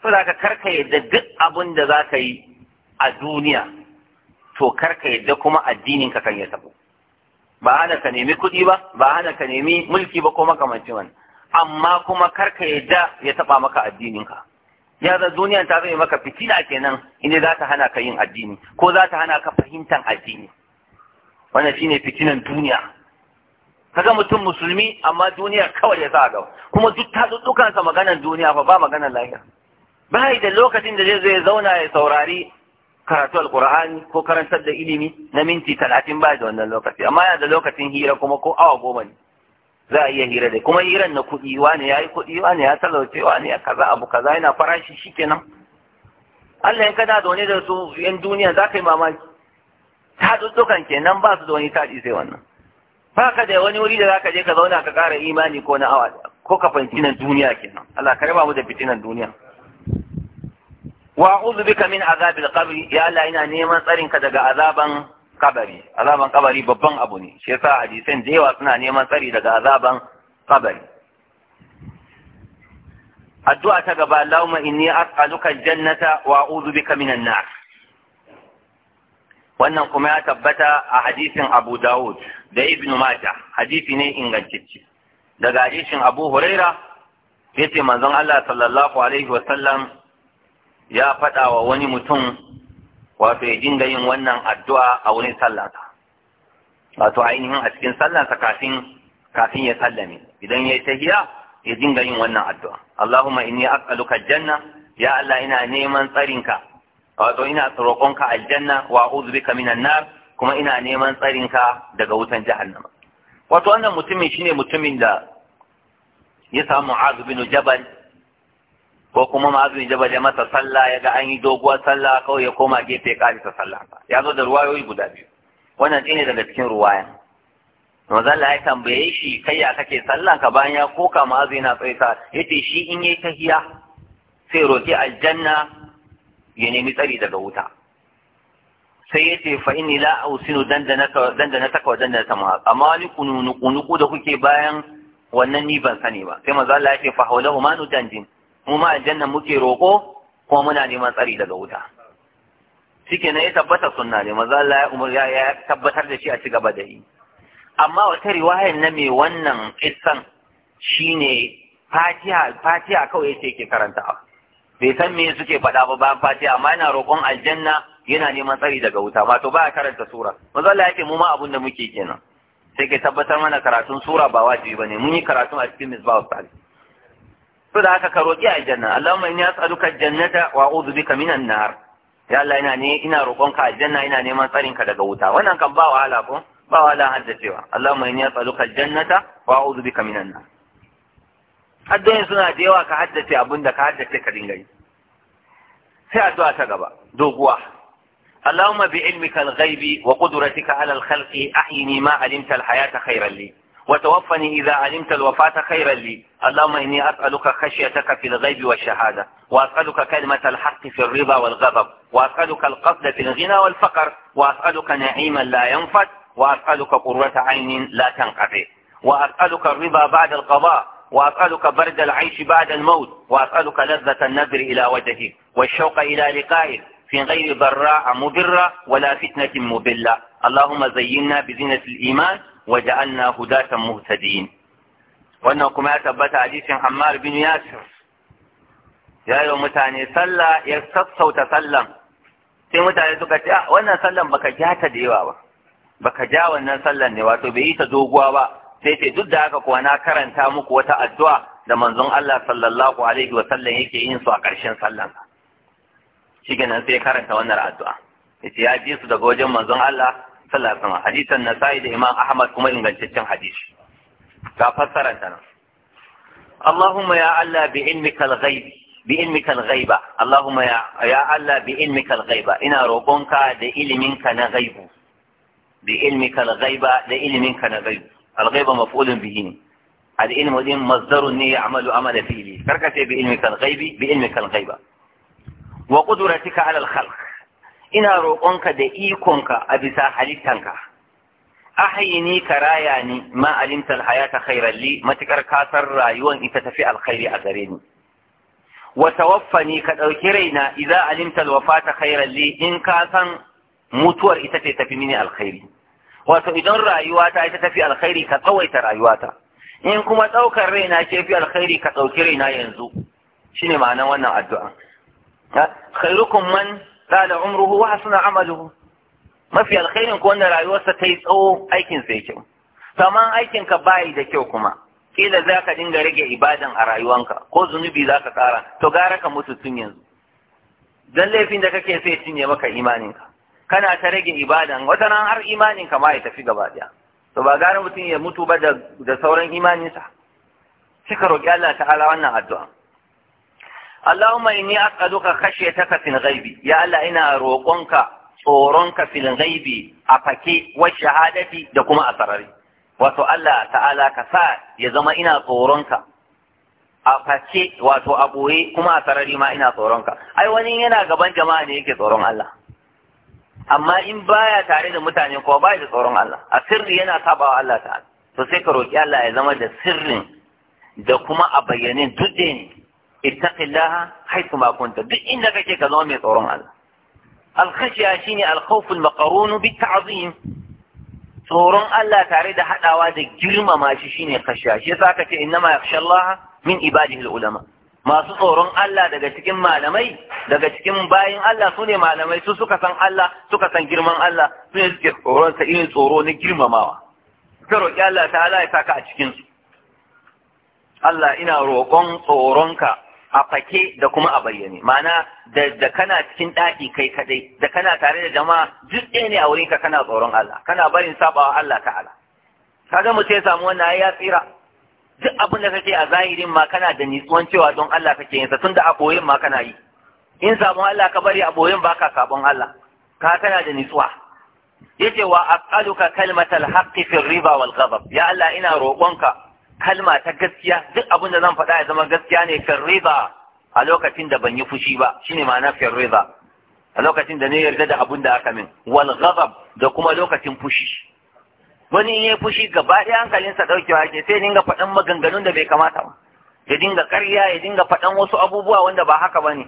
da ka karka yadda duk abin da za ka yi a duniya to karka yadda kuma addininka kan ya tabo ba hana ka nemi kuɗi ba ba hana ka nemi mulki ba ko makamancin wani amma kuma karka yadda ya taba maka addinin ka ya zan duniyan ta zai maka fitina kenan inda za ta hana ka yin addini ko za ta hana ka fahimtar addini wannan shine fitinan duniya kaga mutum musulmi amma duniya kawai ya sa gaba kuma duk ta sa maganar duniya fa ba maganar lahiya bai da lokacin da zai zai zauna ya saurari karatu alqur'ani ko karantar da ilimi na minti talatin ba da wannan lokaci amma yana da lokacin hira kuma ko awa goma ne za a iya hira da kuma hiran na kuɗi wani ya yi kuɗi wani ya talauce wani ya kaza abu kaza yana farashi kenan Allah in kana da wani da su yan duniya za ka yi mamaki ta dukkan kenan ba su da wani taɗi sai wannan ba ka da wani wuri da za ka je ka zauna ka ƙara imani ko na awa ko ka fanci nan duniya kenan Allah ka raba mu da fitinan duniya wa a'udhu bika min azabil qabr ya Allah ina neman tsarin ka daga azaban kabari azaban kabari babban abu ne shi yasa hadisai da yawa suna neman tsari daga azaban kabari addu'a ta gaba Allahumma inni as'aluka jannata wa a'udhu bika minan nar wannan kuma ya tabbata a hadisin Abu Dawud da Ibn Majah hadisi ne ingantacce daga hadisin Abu Huraira yace manzon Allah sallallahu alaihi wa sallam ya faɗa wa wani mutum wato ya jinga yin wannan addu'a a wurin sallansa wato ainihin a cikin sallansa kafin kafin ya sallame idan ya yi tahiya ya dinga yin wannan addu'a Allahumma inni as'aluka janna ya Allah ina neman tsarinka wato ina roƙonka aljanna wa uZubi bika minan nar kuma ina neman tsarinka daga wutan jahannama wato wannan mutumin shine mutumin da ya samu Mu'adh Jabal ko kuma azumi jaba da masa sallah ya ga an yi doguwar sallah kawai ya koma gefe ya karisa sallah ya zo da ruwayoyi guda biyu wannan ɗaya daga cikin ruwaya Mazalla ya tambaye shi kai ya kake sallan ka bayan ya koka na yana ya yace shi in yayi tahiya sai roki aljanna ya nemi tsari daga wuta sai ya ce fa inni la ausinu dandanaka dandanaka wa ta ma amma wani kunu kunu da kuke bayan wannan ni ban sani ba sai mazalla ya ce fa hawlahu ma dandin mu ma aljanna muke roƙo, kuma muna neman tsari daga wuta shike ne ya tabbata sunna ne manzo Allah ya umar ya tabbatar da shi a ci gaba da yi amma wata riwayar na mai wannan kissan shine Fatiha Fatiha kawai ke karanta. karantawa bai san me suke faɗa ba bayan Fatiha amma yana roƙon aljanna yana neman tsari daga wuta ba to baya karanta sura manzo Allah yake mu ma abun da muke kenan sai ke tabbatar mana karatun sura ba wajibi bane mun yi karatun a cikin misbah salih so da aka karo roƙi aljanna Allahumma inni as'aluka aljannata wa a'udhu bika minan nar ya Allah ina ne ina roƙonka aljanna ina neman tsarin ka daga wuta wannan kan ba wahala ko ba wahala haddacewa Allahumma inni as'aluka aljannata wa a'udhu bika minan nar addu'o'in suna da yawa ka haddace abin da ka haddace ka dinga yi sai addu'a ta gaba doguwa اللهم بعلمك الغيب وقدرتك على الخلق أحيني ما علمت الحياة خيرا لي وتوفني إذا علمت الوفاة خيرا لي اللهم إني أسألك خشيتك في الغيب والشهادة وأسألك كلمة الحق في الرضا والغضب وأسألك القصد في الغنى والفقر وأسألك نعيما لا ينفد وأسألك قرة عين لا تنقطع وأسألك الرضا بعد القضاء وأسألك برد العيش بعد الموت وأسألك لذة النذر إلى وجهك والشوق إلى لقائك في غير ضراء مضرة ولا فتنة مضلة اللهم زينا بزينة الإيمان waja'alna hudatan muhtadin wannan kuma ya tabbata hadisin Hammar bin Yasir ya yi mutane sallah ya sassauta sallan sai mutane suka ce ah wannan sallan baka ja ta da yawa ba baka ja wannan sallan ne wato bai yi ta doguwa ba sai ce duk da haka kuwa na karanta muku wata addu'a da manzon Allah sallallahu alaihi wa sallam yake yin su a ƙarshen sallan shi kenan sai karanta wannan addu'a yace ya ji su daga wajen manzon Allah sallasan hadisan na sa'id da imam ahmad kuma ingantaccen hadisi ga fassaran ta nan ya Allah bi ilmika ghaiba ina roƙonka da iliminka na ghaibu bi ilmika ghaiba da iliminka na ghaibu al-ghaiba maf'ulun bihi ne al-ilmu din masdarun ne ya'malu amala fihi karkace bi ilmika al-ghaibi bi ilmika ghaiba wa qudratika ala al-khalq ina roƙonka da ikonka a bisa halittanka ahayini ka raya ni ma alimta hayata khairan matukar kasar rayuwan ita tafi alkhairi a gare ni wa tawaffani ka ɗauki raina idza alimta alwafata khairan li in ka san mutuwar ita ce tafi mini alkhairi wato idan rayuwata ita tafi alkhairi ka tsawaita rayuwata in kuma ɗaukar raina ke fi alkhairi ka ɗauki raina yanzu shine ma'anar wannan addu'a khairukum man tsala umruhu wa suna amaluhu mafi alkhairin ko wannan rayuwarsa ta yi tsawo aikin sai kyau saman aikin ka bayi da kyau kuma kila za ka dinga rage ibadan a rayuwanka ko zunubi za ka kara to gara ka mutu tun yanzu dan laifin da kake sai cinye maka imaninka kana ta rage ibadan wata nan har imaninka ma ya tafi gaba daya to ba gara mutum ya mutu ba da sauran imaninsa sai ka roƙi Allah ta'ala wannan addu'a Allahumma inni as'aluka khashyataka fil ghaibi ya Allah ina roƙonka tsoronka fil ghaibi a fake wa shahadati da kuma a sarari wato Allah ta'ala ka sa ya zama ina tsoronka a fake wato a boye kuma a sarari ma ina tsoronka ai wani yana gaban jama'a ne yake tsoron Allah amma in baya tare da mutane kuma baya da tsoron Allah a sirri yana sabawa Allah ta'ala to sai ka roƙi Allah ya zama da sirrin da kuma a bayyane duk ne ittaqillaha haythu ma kunta duk inda kake ka zama mai tsoron Allah al-khashiya shine al-khawf al-maqrun bi tsoron Allah tare da hadawa da girmama shi shine khashiya shi yasa kace innama yakhsha Allah min ibadihi al-ulama masu tsoron Allah daga cikin malamai daga cikin bayin Allah sune malamai su suka san Allah suka san girman Allah su ne suke tsoron sa irin tsoro na girmamawa ka roƙi Allah ta'ala ya saka a cikin su Allah ina tsoronka a fake da kuma a bayyane ma'ana da da kana cikin ɗaki kai kadai da kana tare da jama'a duk ɗaya ne a wurinka kana tsoron Allah kana barin sabawa Allah ta'ala kaga mu ya samu wannan ya tsira duk abin da kake a zahirin ma kana da nitsuwan cewa don Allah kake yin sa tunda a ma kana yi in sabon Allah ka bari a baka sabon Allah ka kana da nitsuwa yace wa aqaluka kalmatal haqqi fi riba wal ghadab ya Allah ina roƙonka kalma ta gaskiya duk abin da zan faɗa ya zama gaskiya ne fil riba a lokacin da ban yi fushi ba shine ma'ana fil a lokacin da ne yarda da abin da aka min wal da kuma lokacin fushi wani in fushi gaba ɗaya hankalinsa wa ke sai dinga faɗan maganganun da bai kamata ba ya dinga ƙarya ya dinga faɗan wasu abubuwa wanda ba haka ba ne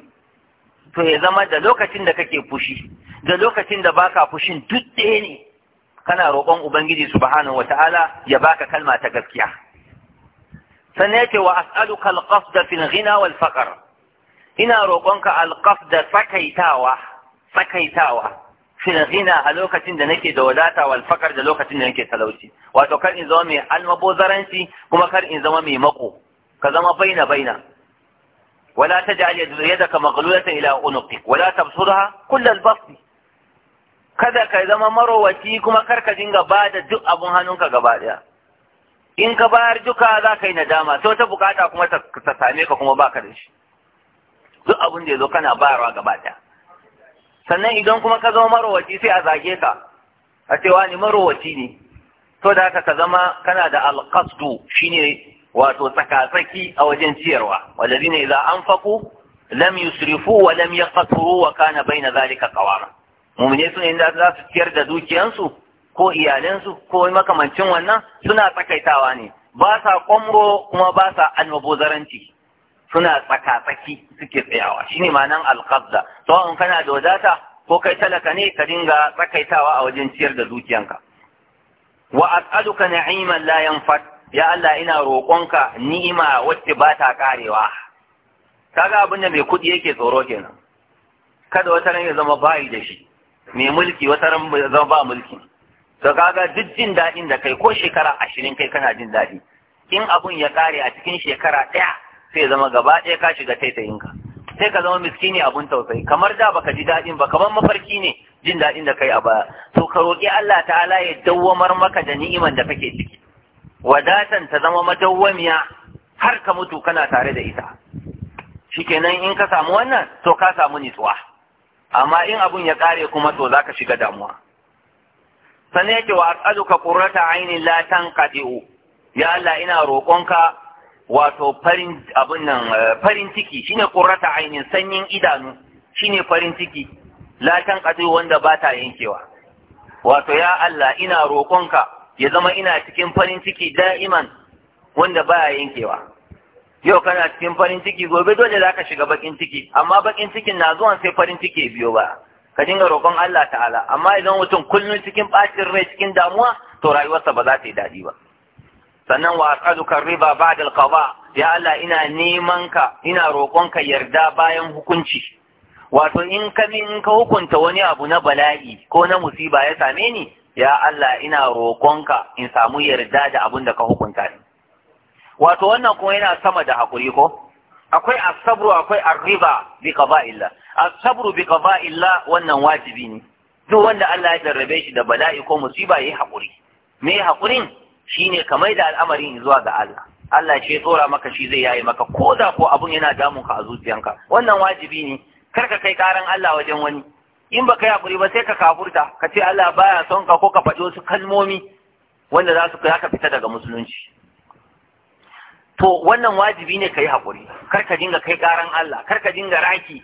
to ya zama da lokacin da kake fushi da lokacin da baka fushin duk ɗaya ne kana roƙon ubangiji subhanahu wataala ya baka kalma ta gaskiya sannan yake wa as'aluka alqasda fil ghina wal faqr ina roƙonka alqasda sakaitawa sakaitawa fil ghina a lokacin da nake da wadata wal faqr da lokacin da nake talauci wato kar in zama mai almabozaranci kuma kar in zama mai mako ka zama baina baina ولا تجعل يدك مغلولة إلى عنقك ولا تبصرها كل البسط kada ka zama marowaci kuma kar ka dinga ba da duk abun hannunka gaba in ka bayar duka za ka yi nadama sai wata bukata kuma ta same ka kuma baka da shi duk abin da ya zo kana bayarwa gaba ɗaya sannan idan kuma ka zama marowaci sai a zage ka a cewa ni marowaci ne to da haka ka zama kana da alqasdu shine wato tsakatsaki a wajen ciyarwa za idza anfaqu lam yusrifu wa lam yaqtaru wa kana baina zalika qawama mu'mine sun ne za su ciyar da dukiyansu ko iyalansu ko makamancin wannan suna tsakaitawa ne ba sa ƙwamro kuma ba sa almabozaranci suna tsakatsaki suke tsayawa shine manan alqabda to in kana da wadata ko kai talaka ne ka dinga tsakaitawa a wajen ciyar da zuciyanka wa as'aluka na'iman la yanfat ya Allah ina roƙonka ni'ima wacce ba ta karewa kaga abin da mai kuɗi yake tsoro kenan kada wata ran ya zama bayi da shi mai mulki wata ran zama ba mulki da kaga duk jin daɗin da kai ko shekara ashirin kai kana jin daɗi in abun ya ƙare a cikin shekara ɗaya sai zama gaba ɗaya ka shiga ka sai ka zama miskini abun tausayi kamar da baka ji daɗin ba kamar mafarki ne jin daɗin da kai a baya to ka roƙi Allah ta'ala ya dawwamar maka da ni'iman da kake ciki wadatan ta zama madawwamiya har ka mutu kana tare da ita shikenan in ka samu wannan to ka samu nitsuwa amma in abun ya ƙare kuma to zaka shiga damuwa sannan yake wa as'aluka qurrata aini la tanqadi'u ya Allah ina roƙonka wato farin abin nan eh, farin ciki shine qurrata aini sanyin idanu shine farin ciki la tanqadi'u wanda ba ta yankewa wato ya Allah ina roƙonka ya zama ina cikin farin ciki da'iman wanda ba ya yankewa yau kana cikin farin ciki gobe dole zaka shiga bakin ciki amma bakin cikin na zuwan sai farin ciki biyo ba ka dinga roƙon Allah ta'ala amma idan mutum kullum cikin bacin rai cikin damuwa to rayuwarsa ba za ta yi daɗi ba sannan wa as'aluka riba ba da qada ya Allah ina neman ka ina roƙon ka yarda bayan hukunci wato in ka in ka hukunta wani abu na bala'i ko na musiba ya same ni ya Allah ina roƙon ka in samu yarda da abin da ka hukunta ni wato wannan kuma yana sama da hakuri ko akwai asabru akwai arriba bi qada'illah asabru bi qada'illah wannan wajibi ne duk wanda Allah ya jarrabe shi da bala'i ko musiba yayi hakuri me hakurin shine kamar da al'amarin zuwa ga Allah Allah shi ya tsora maka shi zai yayi maka ko da ko abun yana damun ka a zuciyanka wannan wajibi ne kar ka kai karan Allah wajen wani in baka yi hakuri ba sai ka kafurta ka ce Allah baya son ka ko ka faɗi wasu kalmomi wanda za su ka fita daga musulunci to wannan wajibi ne ka yi haƙuri kar ka dinga kai ƙaran Allah kar ka dinga raki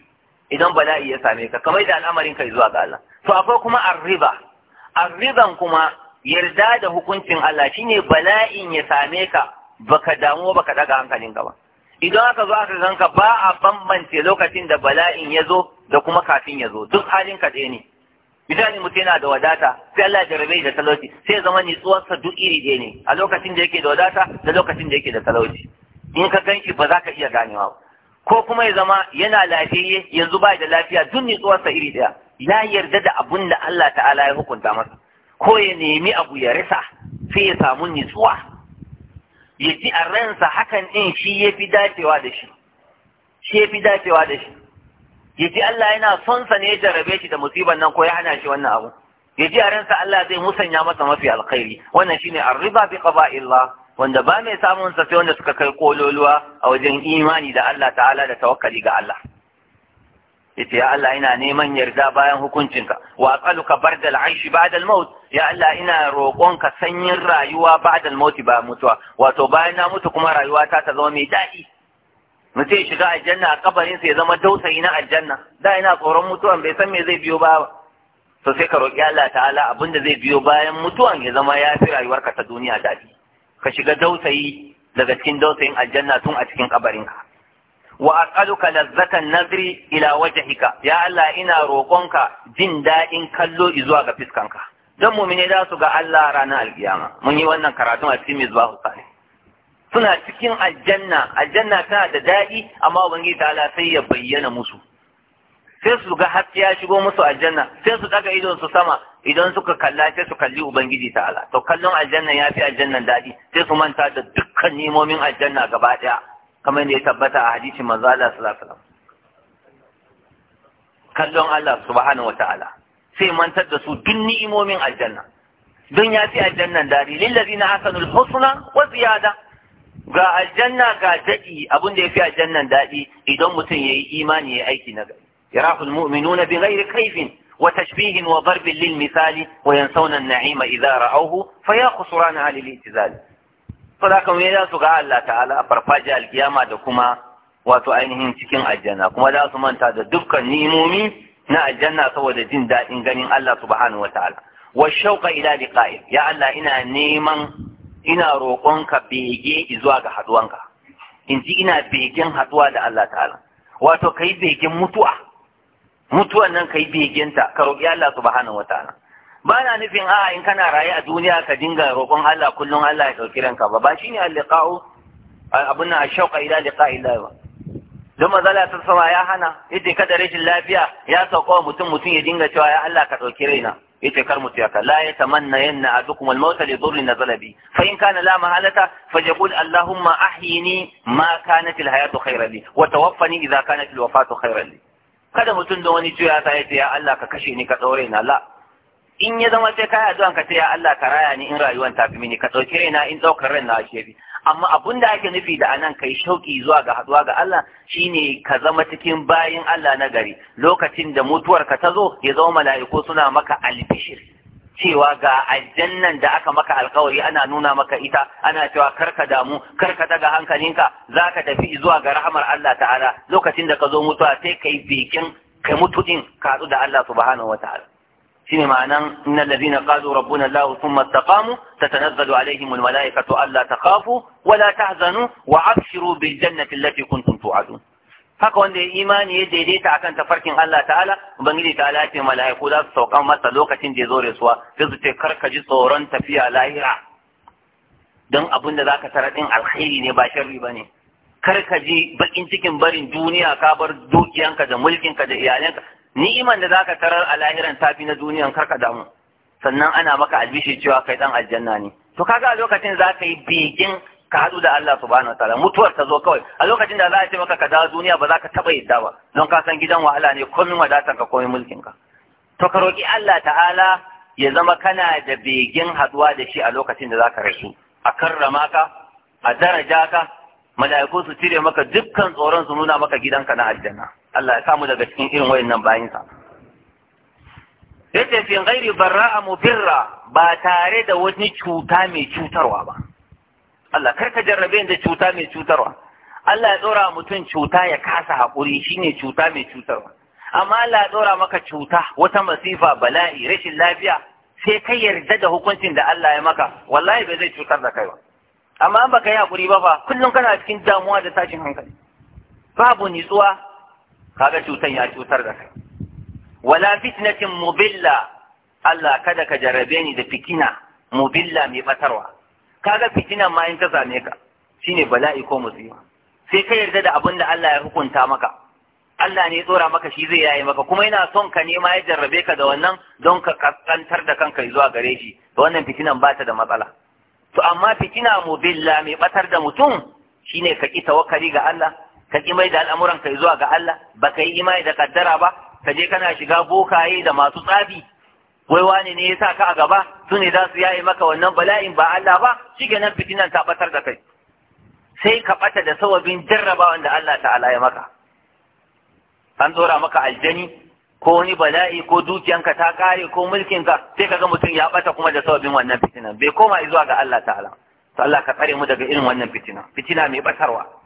idan bala'i ya same ka kamar da al'amarin kai zuwa ga Allah to akwai kuma arriba arriban kuma yarda da hukuncin Allah shine bala'in ya same ka baka damu baka daga hankalin ka ba idan aka zo aka ganka ba a bambance lokacin da bala'in ya zo da kuma kafin ya zo duk halin ka ɗaya ne misali mutum yana da wadata sai Allah ya jarabe da talauci sai zama sa duk iri ɗaya ne a lokacin da yake da wadata da lokacin da yake da talauci in ka ganshi ba za ka iya ganewa ba ko kuma ya zama yana lafiyayye yanzu ba da lafiya duk nitsuwarsa iri ɗaya ya yarda da abun da Allah ta'ala ya hukunta masa ko ya nemi abu ya risa sai ya samu nitsuwa ya ji a ransa hakan ɗin shi ya fi dacewa da shi shi ya fi dacewa da shi yaji Allah yana son sa ne ya jarabe shi da musibar nan ko ya hana shi wannan abu yaji a ransa Allah zai musanya masa mafi alkhairi wannan shine arriba bi qada'illah wanda ba mai samun sa sai wanda suka kai kololuwa a wajen imani da Allah ta'ala da tawakkali ga Allah yace ya Allah ina neman yarda bayan hukuncinka wa aqaluka bardal aishi ba'da al-maut ya Allah ina roƙonka sanyin rayuwa ba'da al-maut ba mutuwa wato bayan na mutu kuma rayuwa ta ta zama mai daɗi mutum ya shiga aljanna a kabarinsa ya zama dausayi na aljanna da ina tsoron mutuwan bai san me zai biyo ba to sai ka roƙi Allah ta'ala abun da zai biyo bayan mutuwan ya zama ya fi rayuwarka ta duniya daɗi ka shiga dausayi daga cikin dausayin aljanna tun a cikin kabarinka wa as'aluka lazzatan nazri ila wajhika ya Allah ina roƙonka jin daɗin kallo zuwa ga fiskanka dan mu'mine za su ga Allah ranar alkiyama mun yi wannan karatun a cikin mizbahu salih suna cikin aljanna aljanna tana da daɗi amma ubangiji ta'ala sai ya bayyana musu sai su ga haske ya shigo musu aljanna sai su daga idon su sama idan suka kalla sai su kalli ubangiji ta'ala to kallon aljanna ya fi aljannan daɗi sai su manta da dukkan nemomin aljanna gaba ɗaya kamar yadda ya tabbata a hadisin manzo Allah sallallahu alaihi wasallam kallon Allah subhanahu wataala sai mantar da su duk ni'imomin aljanna don ya fi aljannan daɗi lillazina hasanul husna wa ziyada ga aljanna ga daɗi abin da ya fi aljannan daɗi idan mutum ya yi imani ya aiki na gari yarahul mu'minuna bi ghairi kaifin wa tashbihin wa darbin lil misali wa yansawna an-na'ima idza ra'awhu fa ya khusrana lil itizal to da kan yana su ga Allah ta'ala a farfaje alkiyama da kuma wato ainihin cikin aljanna kuma za su manta da dukkan nimomi na aljanna saboda jin daɗin ganin Allah subhanahu wa ta'ala wa shauqa ila liqa'i ya Allah ina neman ina roƙonka bege zuwa ga haduwanka in ji ina begen haduwa da Allah ta'ala wato ka yi begen mutuwa mutuwan nan ka yi begenta ka roƙi Allah subhanahu ta'ala ba na nufin a in kana raye a duniya ka dinga roƙon Allah kullum Allah ya ɗauki ranka ba ba shine al-liqa'u abun nan ashauqa ila liqa'i Allah ba don mazala ta sama ya hana yadda kada rashin lafiya ya sauka wa mutum mutum ya dinga cewa ya Allah ka ɗauki raina yace kar mu tiyaka la yatamanna yanna adukum al-maut li dhurri nazala fa in kana la mahalata fajaqul allahumma ahyini ma kanat al-hayatu khayran li wa tawaffani idha kanat al-wafatu khayran li kada mutum da wani juya ta yace ya Allah ka kashe ni ka daure na la in ya zama sai kai addu'an ka ce ya Allah ka raya ni in rayuwan ta fi mini ka dauki raina in daukar ran na ashe amma abun da ake nufi da anan kai shauki zuwa ga haduwa ga Allah shine ka zama cikin bayan Allah na gari lokacin da mutuwar ka ta zo ya zama mala'iku suna maka albishir cewa ga aljannan da aka maka alkawari ana nuna maka ita ana cewa karka damu karka daga hankalinka zaka tafi zuwa ga rahamar Allah ta'ala lokacin da ka zo mutuwa sai kai bikin kai mutu ka da Allah subhanahu wataala shine ma'anan innal ladina qalu rabbuna ta thumma istaqamu tatanazzalu alaihim al malaikatu alla takhafu wa la tahzanu wa abshiru bil jannati allati kuntum tu'adun haka wanda ya imani ya daidaita akan tafarkin Allah ta'ala ubangiji ta ya ce mala'iku za su saukan masa lokacin da ya zo resuwa. sai su ce ka ji tsoron tafiya lahira don abin da zaka tara din alkhairi ne ba sharri bane ka ji bakin cikin barin duniya ka bar dukiyanka da mulkinka da iyalanka ni'iman da zaka tarar a lahiran tafi na duniyan karka damu sannan ana maka albishi cewa kai dan aljanna ne to kaga a lokacin za ka yi bigin ka hadu da Allah subhanahu ta'ala mutuwar ta zo kawai a lokacin da za a ce maka ka dawo duniya ba za ka taba yadda ba don ka san gidan wahala ne komin wadatar ka komai mulkin ka to ka roki Allah ta'ala ya zama kana da bigin haduwa da shi a lokacin da za ka rasu a karrama ka a daraja ka mala'iku su cire maka dukkan tsoron su nuna maka gidanka na aljanna Allah ya samu daga cikin irin wayannan bayinsa Yadda fi ghairi barra'a mubirra ba tare da wani cuta mai cutarwa ba Allah kar ka jarrabe da cuta mai cutarwa Allah ya dora mutum cuta ya kasa haƙuri shine cuta mai cutarwa amma Allah ya dora maka cuta wata masifa bala'i rashin lafiya sai kai yarda da hukuncin da Allah ya maka wallahi bai zai cutar da kai ba amma an baka yi haƙuri ba fa kullum kana cikin damuwa da tashin hankali babu nitsuwa kaga cutan ya cutar da kai wala fitnatin mubilla Allah kada ka jarrabe ni da fitina mubilla mai batarwa kaga fitinan ma in ta same ka shine bala'i ko musiba sai ka yarda da abin da Allah ya hukunta maka Allah ne ya tsora maka shi zai yaye maka kuma yana son ka nema ya jarrabe ka da wannan don ka kaskantar da kanka zuwa gare shi Da wannan fitinan ba ta da matsala to amma fitina mubilla mai batar da mutum shine ka ki tawakkali ga Allah ka ki mai da al'amuran kai zuwa ga Allah ba ka yi imani da kaddara ba ka je kana shiga bokaye da masu tsafi wai wani ne ya sa ka a gaba su ne za su yaye maka wannan bala'in ba Allah ba shi nan fitinan ta batar da kai sai ka bata da sawabin jarrabawan da Allah ta'ala ya maka an tsora maka aljani ko wani bala'i ko dukiyanka ta kare ko mulkinka sai kaga mutum ya bata kuma da sawabin wannan fitinan bai koma zuwa ga Allah ta'ala to Allah ka tsare mu daga irin wannan fitina fitina mai batarwa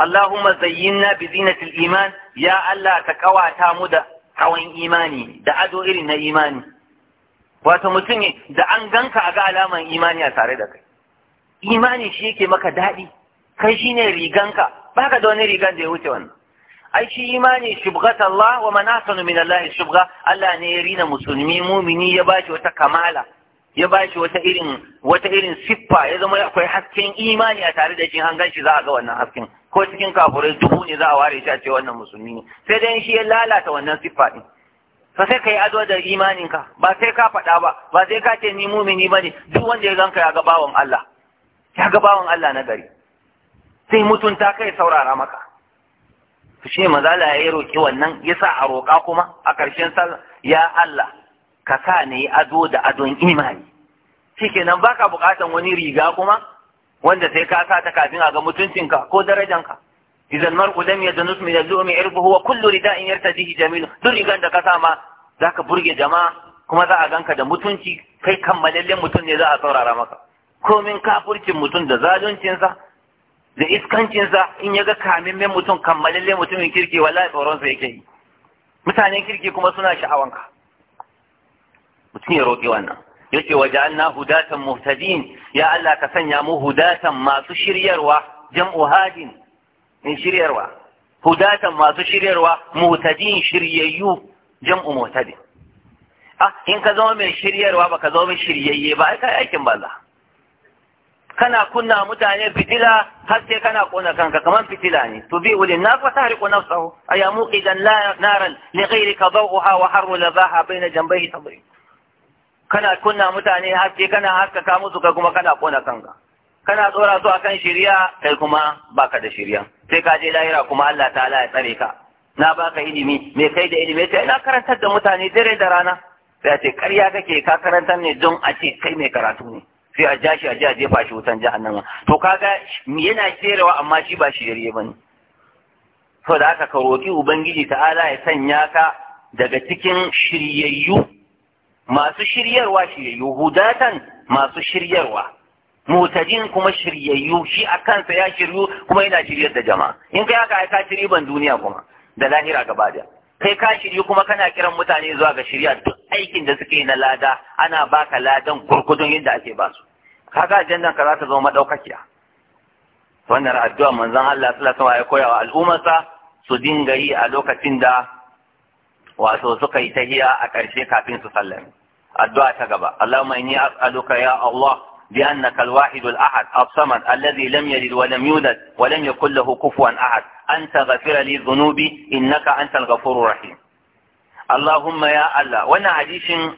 Allahumma zayyinna bi zinatil iman ya Allah ka kawata mu da hawan imani da ado irin na imani wato mutum da an ganka a ga alaman imani a tare da kai imani shi yake maka daɗi kai shine riganka baka da wani rigan da ya wuce wannan ai shi imani shubghat Allah wa man ahsanu min Allah shubga. Allah ne ya rina musulmi mumini ya bashi wata kamala ya bashi wata irin wata irin siffa ya zama akwai hasken imani a tare da shi an shi za a ga wannan hasken ko cikin kafurai dubu ne za a ware shi a ce wannan musulmi ne sai dai shi ya lalata wannan siffa din fa sai kai ado da imaninka ba sai ka faɗa ba ba sai ka ce ni mumini bane duk wanda ya zanka ya ga bawon Allah ya ga bawon Allah na gari sai mutunta kai saurara maka to shi manzo ya roki wannan yasa a roka kuma a ƙarshen sal ya Allah ka sa ne ado da adon imani shikenan baka bukatan wani riga kuma wanda sai ka sa ta kafin a ga mutuncinka ko darajanka idan mar'u lam yadanus min al-lu'mi irbuhu wa kullu rida'in yartadihi jamilu duk rigan da ka sa ma zaka burge jama'a kuma za a ganka da mutunci kai kammalallen mutum ne za a saurara maka komin kafurcin mutum da zaluncinsa da iskancinsa in ya ga kamimmen mutum kammalallen mutumin kirki wallahi tsoronsa yake yi mutanen kirki kuma suna sha'awanka mutum ya roƙi wannan yake waja'alna hudatan muhtadin ya Allah ka sanya mu hudatan masu shiryarwa jam'u hadin in shiryarwa hudatan masu shiryarwa muhtadin shiryayyu jam'u muhtadin ah in ka zama mai shiryarwa baka zama mai shiryayye ba ai kai aikin banza kana kunna mutane fitila har sai kana kona kanka kaman fitila ne to bi ulin nas wa tahriqu nafsahu ayamu idan la naran li ghayrika dawha wa harru labaha baina janbayhi tabri kana kunna mutane haske kana haskaka musu ka kuma kana kona kanka kana tsora su akan shiriya kai kuma baka da shirya? sai ka je lahira kuma Allah ta'ala ya tsare ka na baka ilimi me kai da ilimi sai na karantar da mutane dare da rana sai a ce ƙarya kake ka karantar ne don a ce kai mai karatu ne sai a ja shi a ja jefa shi wutan jahannama to kaga yana sherewa amma shi ba shirye bane saboda haka ka roki ubangiji ta'ala ya sanya ka daga cikin shiryayyu masu shiryarwa yi hudatan masu shiryarwa mutadin kuma shiryayyu shi a kansa ya shiryu kuma yana shiryar da jama'a in kai haka ka shiri ban duniya kuma da lahira gaba daya kai ka shiryu kuma kana kiran mutane zuwa ga shirya duk aikin da suke na lada ana baka ladan gurgudun yadda ake ba su kaga ajandan ka za ta zama madaukakiya wannan addu'a manzon Allah sallallahu alaihi wasallam ya koya wa al'ummarsa su dinga yi a lokacin da wato suka yi tahiya a ƙarshe kafin su sallame addu'a ta gaba Allahumma inni as'aluka ya Allah bi annaka al-wahid al-ahad as-samad alladhi lam yalid wa lam yulad wa lam yakul lahu kufuwan ahad anta ghafira li dhunubi innaka antal ghafurur rahim Allahumma ya Allah wannan hadisin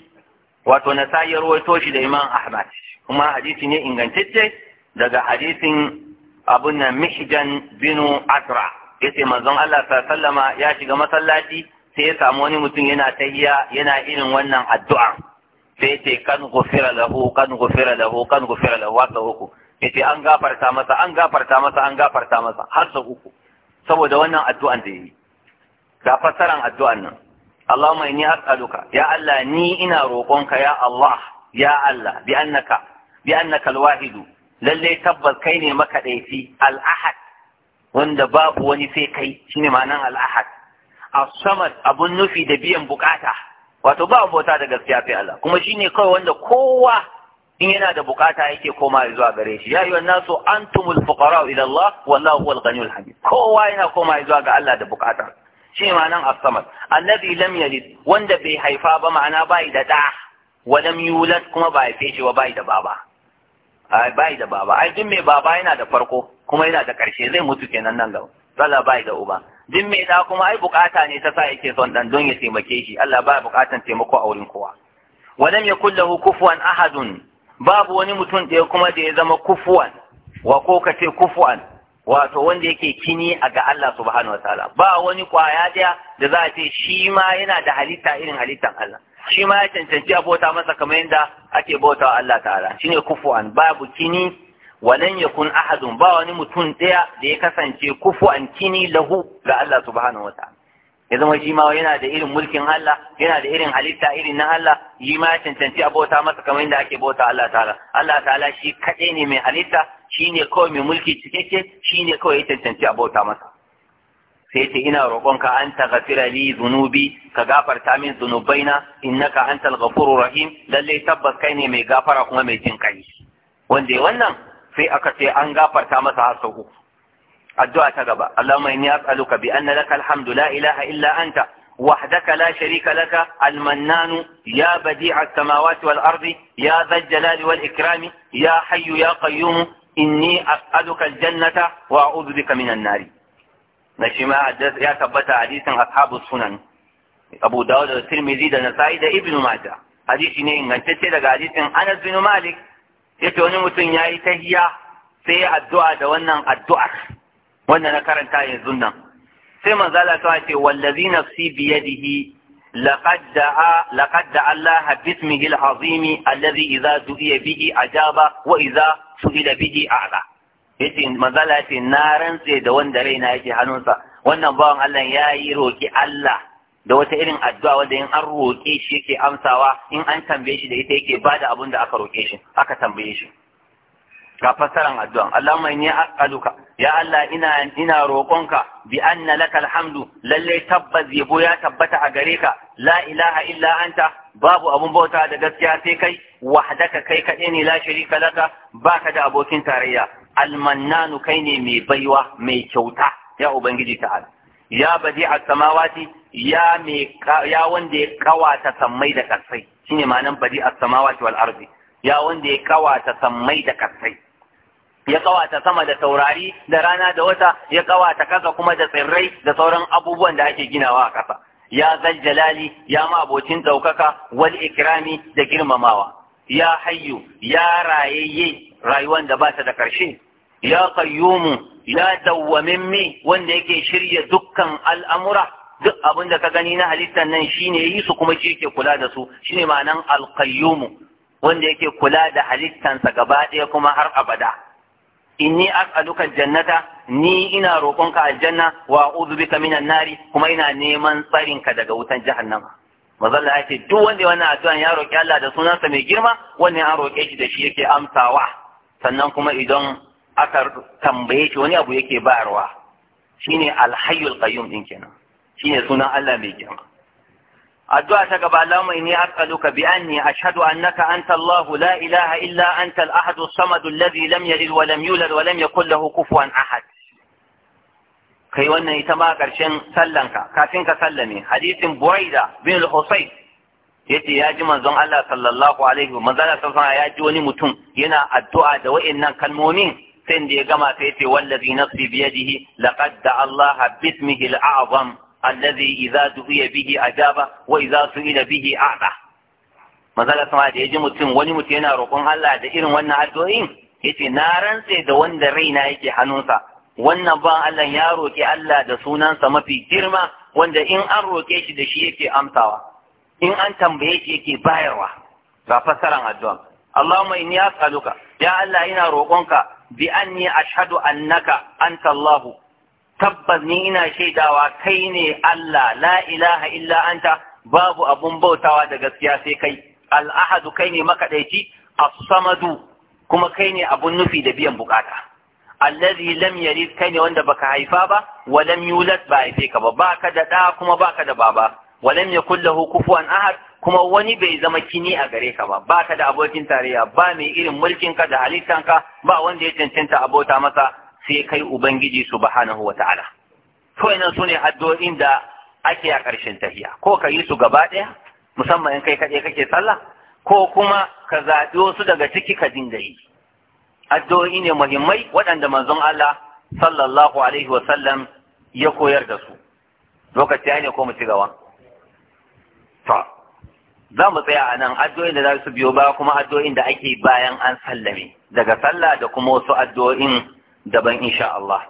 wato na sayar ruwaito shi da Imam Ahmad kuma hadisi ne ingantacce daga hadisin abun nan Mihjan binu Asra yace manzon Allah sallallahu ya shiga masallaci sai ya samu wani mutum yana tahiya yana irin wannan addu'a sai ce kan gufira lahu kan gufira lahu kan gufira lahu har sau uku yace an gafarta masa an gafarta masa an gafarta masa har sau saboda wannan addu'an da yi ga fassaran addu'an nan Allahumma inni as'aluka ya Allah ni ina roƙonka ya Allah ya Allah bi annaka bi annaka al-wahid lalle tabbas kai ne makadaici al-ahad wanda babu wani sai kai shine ma'anan al-ahad as-samad abun nufi da biyan bukata wato ba bauta da gaskiya fi Allah kuma shine kawai wanda kowa in yana da bukata yake koma zuwa gare shi ya yi wannan so antumul fuqara ila Allah wallahu huwal ghaniyul hamid kowa yana koma zuwa ga Allah da bukata shi ma'anan as-samad allazi lam yalid wanda bai haifa ba ma'ana bai da da wa lam yulad kuma ba haife shi ba bai da baba bai da baba ai duk mai baba yana da farko kuma yana da karshe zai mutu kenan nan gaba sallah bai da uba din mai da kuma ai bukata ne ta sa yake son dan don ya taimake shi Allah ba bukatan taimako a wurin kowa walam yakul lahu kufuwan ahadun babu wani mutum ɗaya kuma da ya zama kufuwan wa ko ka ce kufuwan wato wanda yake kini a ga Allah subhanahu wataala ba wani kwaya daya da za a ce shi ma yana da halitta irin halittan Allah shi ma ya cancanci a bauta masa kamar yadda ake bautawa Allah ta'ala shine kufuwan babu kini walan yakun ahadun ba wani mutum daya da ya kasance kufu an kini lahu ga Allah subhanahu wataala ya zama shi ma yana da irin mulkin Allah yana da irin halitta irin na Allah yi ma ya cancanci a bauta masa kamar yadda ake bauta Allah ta'ala Allah ta'ala shi kaɗai ne mai halitta shi ne kawai mai mulki cikakke shi ne kawai ya cancanci a bauta masa sai ce ina roƙonka an taghfira li zunubi ka gafarta min zunubaina innaka antal ghafurur rahim lalle tabbas kai ne mai gafara kuma mai jin kai wanda wannan sai aka ce an gafarta masa har sau uku addu'a ta gaba Allahumma inni as'aluka bi anna laka alhamdu la ilaha illa anta wahdaka la sharika laka almannanu ya badi a samawati wal ardi ya dhal jalali wal ikrami ya hayyu ya qayyum inni as'aluka aljannata wa a'udhu bika minan nari na shi ma ya tabbata hadisin ashabu sunan Abu Dawud da Tirmidhi da Nasa'i da Ibn Majah hadisi ne ingantacce daga hadisin Anas bin Malik yace wani mutum ya yi tahiya sai ya addu'a da wannan addu'ar wanda na karanta yanzu nan sai manzala ta ce wallazi nafsi biyadihi لقد دعا لقد دعا الله باسمه العظيم الذي اذا دعي به اجاب واذا سئل به اعلى yace manzala yace na rantse da wanda raina yake hannunsa wannan bawan Allah ya yi roki Allah da wata irin addu'a wanda in an roƙe shi yake amsawa in an tambaye shi da ita yake bada abin da aka roƙe shi aka tambaye shi ga fassaran addu'an Allahumma inni as'aluka ya Allah ina ina roƙonka bi anna lakal alhamdu. lalle tabbas yabo ya tabbata a gare ka la ilaha illa anta babu abun bauta da gaskiya sai kai wahdaka kai kaɗai ne la sharika laka baka da abokin tarayya almannanu kai ne mai baiwa mai kyauta ya ubangiji ta'ala ya badi'a samawati ya me ya wanda ya kawata sammai da kasai shine ma'anan badi as-samawati wal ardi ya wanda ya kawata sammai da kasai ya kawata sama da taurari da rana da wata ya kawata kasa kuma da tsirrai da sauran abubuwan da ake ginawa a kasa ya zal jalali ya ma abocin daukaka wal ikrami da girmamawa ya hayyu ya rayayye rayuwan da bata da karshe ya qayyumu ya dawwamin mi wanda yake shirya dukkan al'amura duk abin da ka gani na halittar nan shine yi su kuma shi yake kula da su shine ma'anan alkayyumu wanda yake kula da halittansa gaba ɗaya kuma har abada inni as'aluka jannata ni ina roƙonka aljanna wa a'udhu bika minan nari kuma ina neman tsarinka daga wutan jahannama mazalla ya ce duk wanda wannan addu'an ya roƙi Allah da sunansa mai girma wannan an roƙe shi da shi yake amsawa sannan kuma idan aka tambaye shi wani abu yake bayarwa shine alhayyul qayyum din kenan shine sunan Allah mai girma addu'a ta gaba Allahumma inni as'aluka bi anni ashhadu annaka anta Allah la ilaha illa antal ahadu ahad as ya alladhi lam ya wa lam yulad lam ahad kai wannan ita ma ƙarshen sallanka kafin ka sallame hadisin Buraida bin al-Husayn yace ya ji manzon Allah sallallahu alaihi wa Allah sallallahu alaihi ya ji wani mutum yana addu'a da wa'annan kalmomin sai da ya gama sai yace wallazi nafsi biyadihi laqad da Allah bismihi al-a'zam allazi idza du'iya bihi ajaba wa idza su'ila bihi a'ta manzala sama da yaji mutum wani mutum yana roƙon Allah da irin wannan addu'o'in yace na rantse da wanda raina yake hannunsa wannan ban Allah ya roƙi Allah da sunansa mafi girma wanda in an roƙe shi da shi yake amsawa in an tambaye shi yake bayarwa ga fasaran addu'a Allahumma inni as'aluka ya Allah ina roƙonka bi anni ashhadu annaka anta Allahu tabbas ni ina shaidawa kai ne Allah la ilaha illa anta babu abun bautawa da gaskiya sai kai al-ahadu kai ne makadaici as-samadu kuma kai ne abun nufi da biyan bukata allazi lam yalid kai ne wanda baka haifa ba wa lam yulad ba haife ka ba baka da da kuma baka da baba wa lam yakul lahu kufuwan ahad kuma wani bai zama kini a gare ka ba baka da abokin tarayya ba mai irin mulkin ka da ka, ba wanda ya cancanta abota masa sai kai ubangiji subhanahu ta’ala, to ina ne addu'o'in da ake a ƙarshen tahiya ko ka yi su gaba ɗaya musamman in kai kaɗai kake sallah ko kuma ka zaɓi wasu daga ciki ka dinga yi addu'o'i ne muhimmai waɗanda manzon Allah sallallahu alaihi wa sallam ya koyar da su lokaci ne ko mu ci gaba to za mu tsaya a nan addu'o'in da za su biyo ba kuma addu'o'in da ake bayan an sallame daga sallah da kuma wasu addu'o'in daban insha Allah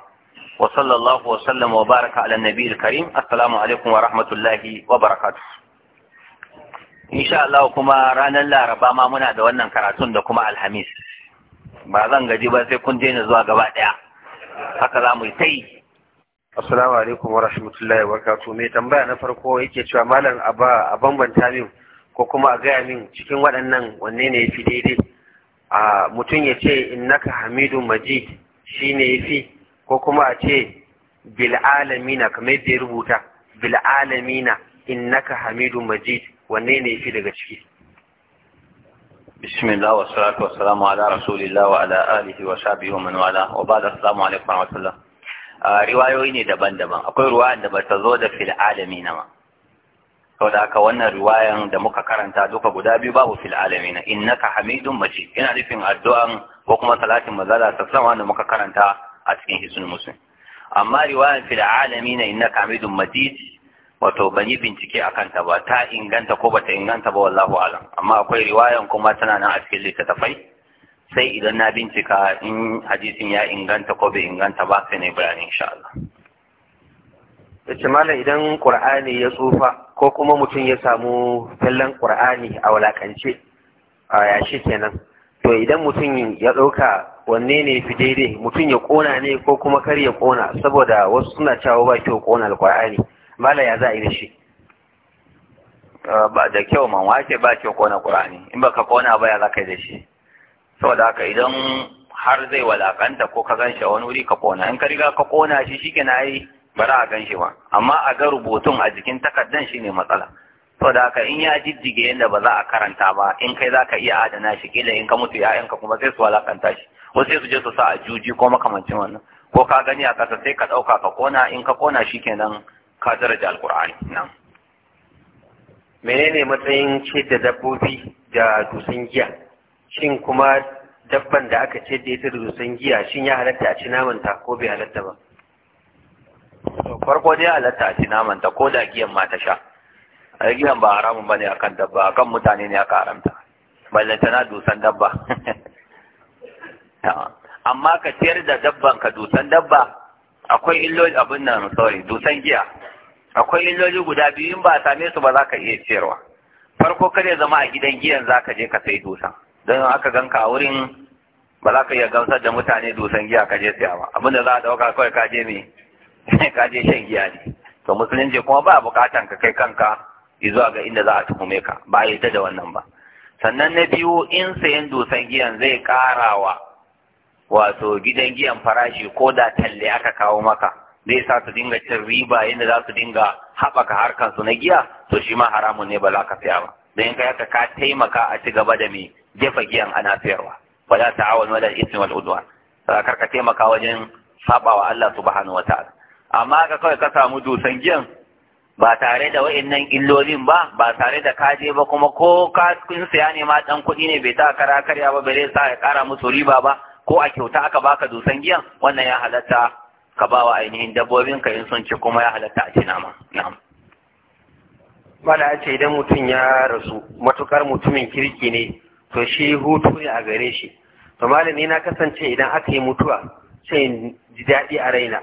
wa sallallahu wa sallam wa baraka ala nabiyil karim assalamu alaikum wa rahmatullahi wa barakatuh insha Allah kuma ranar laraba ma muna da wannan karatun da kuma alhamis ba zan gaji ba sai kun daina zuwa gaba daya haka za mu yi ta yi assalamu alaikum wa rahmatullahi wa barakatuh Me tambaya na farko yake cewa malam a bambanta min ko kuma a gaya min cikin waɗannan wanne ne ya fi daidai mutum ya ce innaka hamidu majid shi ne ya fi ko kuma a ce bil'alamina kamar yadda ya rubuta bil'alamina innaka hamidu majid wanne ne ya fi daga ciki بسم الله والصلاة والسلام على رسول wa وعلى آله وصحبه ومن والاه وبعد السلام عليكم ورحمة الله riwayoyi ne daban-daban akwai ruwa da ba ta zo da fil alami na ma saboda haka wannan riwayan da muka karanta duka guda biyu babu fil alamin innaka hamidun majid ina nufin addu'an ko kuma salatin mazala sallama da muka karanta a cikin hisun muslim amma riwayan fil alamin innaka hamidun majid wato ban yi bincike a kanta ba ta inganta ko bata inganta ba wallahu alam amma akwai riwayan kuma tana nan a cikin littattafai sai idan na bincika in hadisin ya inganta ko bai inganta ba sai ne bayani insha Allah yace malam idan ƙur'ani ya tsufa ko kuma mutum ya samu kallon ƙur'ani a walakance a yashi kenan to idan mutum ya ɗauka wanne ne fi daidai mutum ya ƙona ne ko kuma kar ya ƙona saboda wasu suna cewa ba kyau ƙona alƙur'ani mala ya za a yi da shi ba da kyau man wace ba kyau ƙona ƙur'ani in ba ka ƙona ba ya za ka yi da shi saboda haka idan har zai walakanta ko ka ganshi a wani wuri ka ƙona in ka riga ka ƙona shi shi ke na yi ba za a gan shi ba amma a ga rubutun a jikin takardan shine matsala to da haka in ya jijjige yadda ba za a karanta ba in kai za ka iya adana shi kila in ka mutu ya'yanka kuma sai su walakanta shi ko sai su je su sa a juji ko makamancin wannan ko ka gani a kasa sai ka ɗauka ka kona in ka kona shi kenan ka daraja alkur'ani nan menene matsayin ce da dabbobi da dusan giya shin kuma dabban da aka ce da ita da dusan giya shin ya halatta a ci ta ko bai halatta ba farko dai halatta a ci naman ta ko da giyan ma ta sha a giyan ba haramun a kan dabba kan mutane ne aka haramta ballanta na dusan dabba amma ka ciyar da dabban ka dusan dabba akwai illoli abin nan sorry dusan giya akwai illoli guda biyu in ba a same su ba za ka iya ciyarwa farko kar ya zama a gidan giyan za ka je ka sai dusan don aka ganka a wurin ba za ka iya gamsar da mutane dusan giya ka je siya ba abinda za a dauka kawai ka je mai ka je shan giya ne to musulunci kuma ba bukatan ka kai kanka zuwa ga inda za a tuhume ka ba a yadda da wannan ba sannan na biyu in sayan dusan giyan zai karawa wato gidan giyan farashi ko da talle aka kawo maka zai sa su dinga cin riba yadda za su dinga haɓaka harkar su na giya to shi ma haramun ne ba za ka saya ba don in kai ka taimaka a ci gaba da mai jefa giyan ana sayarwa wala ta'awun wala ismi wal udwan sai ka taimaka wajen saɓawa Allah subhanahu wataala amma ka kawai ka samu dusan giyan ba tare da wa'annan illolin ba ba tare da kaje ba kuma ko ka kun siya ne ma dan kuɗi ne bai ta kara karya ba bai sa ya kara musu riba ba ko a kyauta aka baka dusan giyan wannan ya halatta ka ba wa ainihin dabbobin ka in sun ci kuma ya halatta a ci nama na'am ce idan mutum ya rasu matukar mutumin kirki ne to shi hutu ne a gare shi to malami na kasance idan aka yi mutuwa sai ji daɗi a raina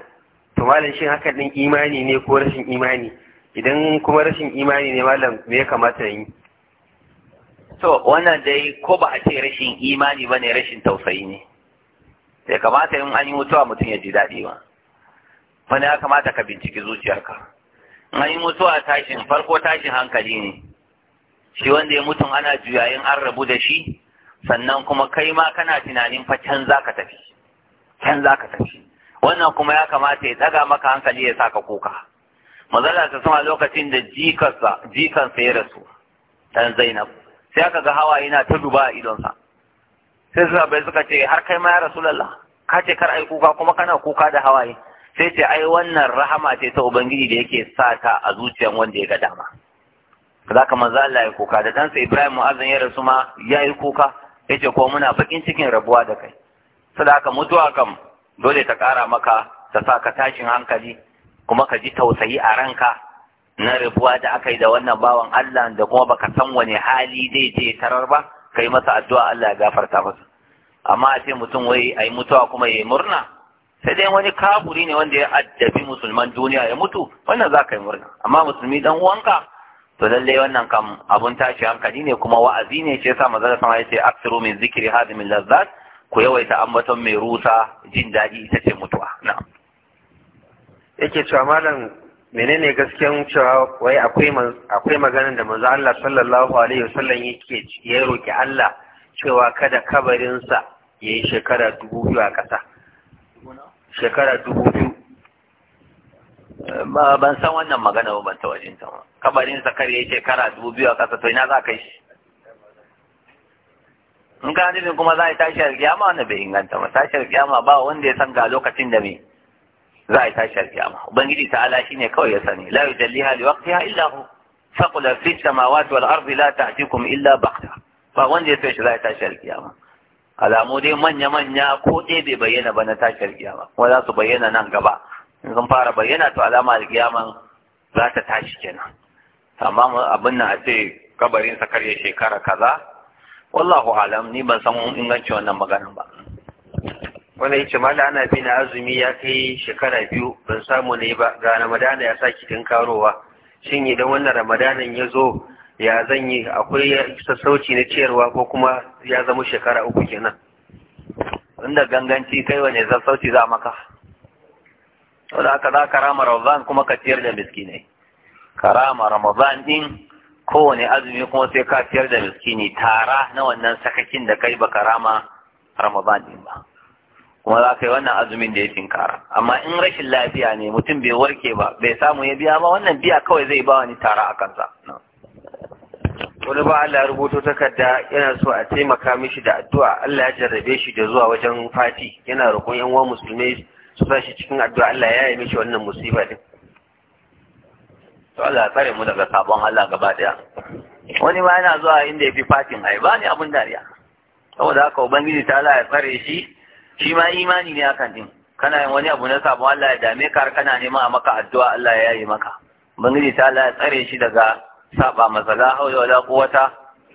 to malam shin haka din imani ne ko rashin imani idan kuma rashin imani ne malam me ya kamata yi to wannan dai ko ba a ce rashin imani ba ne rashin tausayi ne sai kamata in an yi mutuwa mutum ya ji daɗi ba wani ya kamata ka binciki zuciyarka in an yi mutuwa tashin farko tashin hankali ne shi wanda ya mutum ana juyayin an rabu da shi sannan kuma kai ma kana tunanin fa can za ka tafi can za ka tafi wannan kuma ya kamata ya daga maka hankali ya saka kuka mazala ta sama lokacin da jikansa jikansa ya rasu dan Zainab sai aka ga hawa yana ta duba a idonsa sai suka bai suka ce har kai ma ya rasulullah ka ce kar ai kuka kuma kana kuka da hawaye sai ce ai wannan rahama ce ta ubangiji da yake sa ta a zuciyan wanda ya ga dama za ka manzo Allah ya kuka da dansa Ibrahim Mu'azzin ya rasu ma ya yi kuka ya ce ko muna bakin cikin rabuwa da kai saboda aka mutuwa kam dole ta ƙara maka ta sa ka tashin hankali kuma ka ji tausayi a ranka na rubuwa da aka yi da wannan bawan Allah da kuma baka san wani hali zai je tarar ba kai masa addu'a Allah ya gafarta masa amma a ce mutum wai mutuwa kuma yayi murna sai dai wani kafuri ne wanda ya addabi musulman duniya ya mutu wannan za ka yi murna amma musulmi dan uwanka to lallai wannan kam abun tashi hankali ne kuma wa'azi ne shi yasa manzon sama ya ce aksiru min zikri hadhihi min lazzat ku yawaita ambaton mai rusa jin daɗi ita ce mutuwa na yake cewa malam menene gaskiyan cewa wai akwai maganin da manzo Allah sallallahu alaihi wasallam yake ya roki Allah cewa kada kabarinsa ya yi shekara dubu biyu a ƙasa shekara dubu biyu ban san wannan magana ba ban ta wajen ta kabarinsa kar ya yi shekara dubu biyu a ƙasa to ina za ka yi in ka hadisin kuma za a yi tashi alkiyama wanda bai inganta ba tashi alkiyama ba wanda ya san ga lokacin da me za a yi tashi alkiyama ubangiji ala shine kawai ya sani la yujalliha waqtiha illa hu faqula fi samawati wal ardi la ta'tikum illa baqta ba wanda ya san shi za a yi tashi alkiyama alamu dai manya manya ko dai bai bayyana ba na tashi alkiyama kuma za su bayyana nan gaba in sun fara bayyana to alama alkiyaman za ta tashi kenan amma abin nan a ce kabarin sa karya shekara kaza wallahu alam ni ban san inganci wannan maganin ba wanda yace mala ana bi na azumi ya kai shekara biyu ban samu ne ba ga ramadana ya saki karowa, shin idan wannan ramadanan ya zo ya zan yi akwai sassauci na ciyarwa ko kuma ya zama shekara uku kenan inda ganganci kai wani sassauci za maka Wani aka za ka rama ramadan kuma ka ciyar da miskinai ka rama ramadan din kowane azumi kuma sai ka fiyar da miskini tara na wannan sakakin da kai baka rama ramadan din ba kuma za ka yi wannan azumin da ya tinkara amma in rashin lafiya ne mutum bai warke ba bai samu ya biya ba wannan biya kawai zai ba wani tara a kansa wani ba Allah rubuto takarda yana so a taimaka mishi da addu'a Allah ya jarrabe shi da zuwa wajen fati yana roƙon yan uwa musulmai su sa shi cikin addu'a Allah ya yi mishi wannan musiba din to Allah ya tsare mu daga sabon Allah gaba daya wani ma yana zuwa inda ya fi fatin ai ba ni abin dariya saboda haka ubangiji ta Allah ya tsare shi shi ma imani ne akan din kana yin wani abu na sabon Allah ya dame ka har kana nema maka addu'a Allah ya yi maka ubangiji ta Allah ya tsare shi daga saba masa la da wala quwwata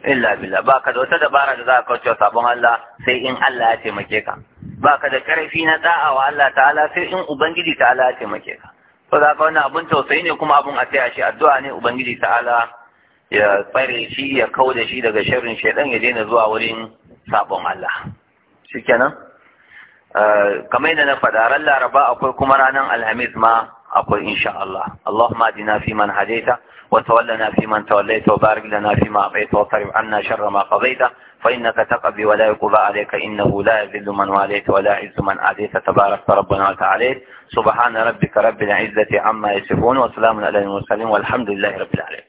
illa billah baka da wata dabara da za ka kauce sabon Allah sai in Allah ya taimake ka baka da karfi na da'awa wahala Allah ta'ala sai in ubangiji ta'ala ya taimake ka to da wannan abun tausayi ne kuma abun a shi addu'a ne ubangiji ta'ala ya tsare shi ya kau da shi daga sharrin shaidan ya daina zuwa wurin sabon Allah shikenan eh, kamar yadda na faɗa ran laraba akwai kuma ranar alhamis ma akwai insha Allah Allahumma adina fi man hadaita وتولنا فيمن توليت وبارك لنا فيما أعطيت وطرب عنا شر ما قضيت فإنك تقبي ولا يقضى عليك إنه لا يذل من واليت ولا عز من عديت تبارك ربنا وتعالى سبحان ربك رب العزة عما يصفون وسلام على المرسلين والحمد لله رب العالمين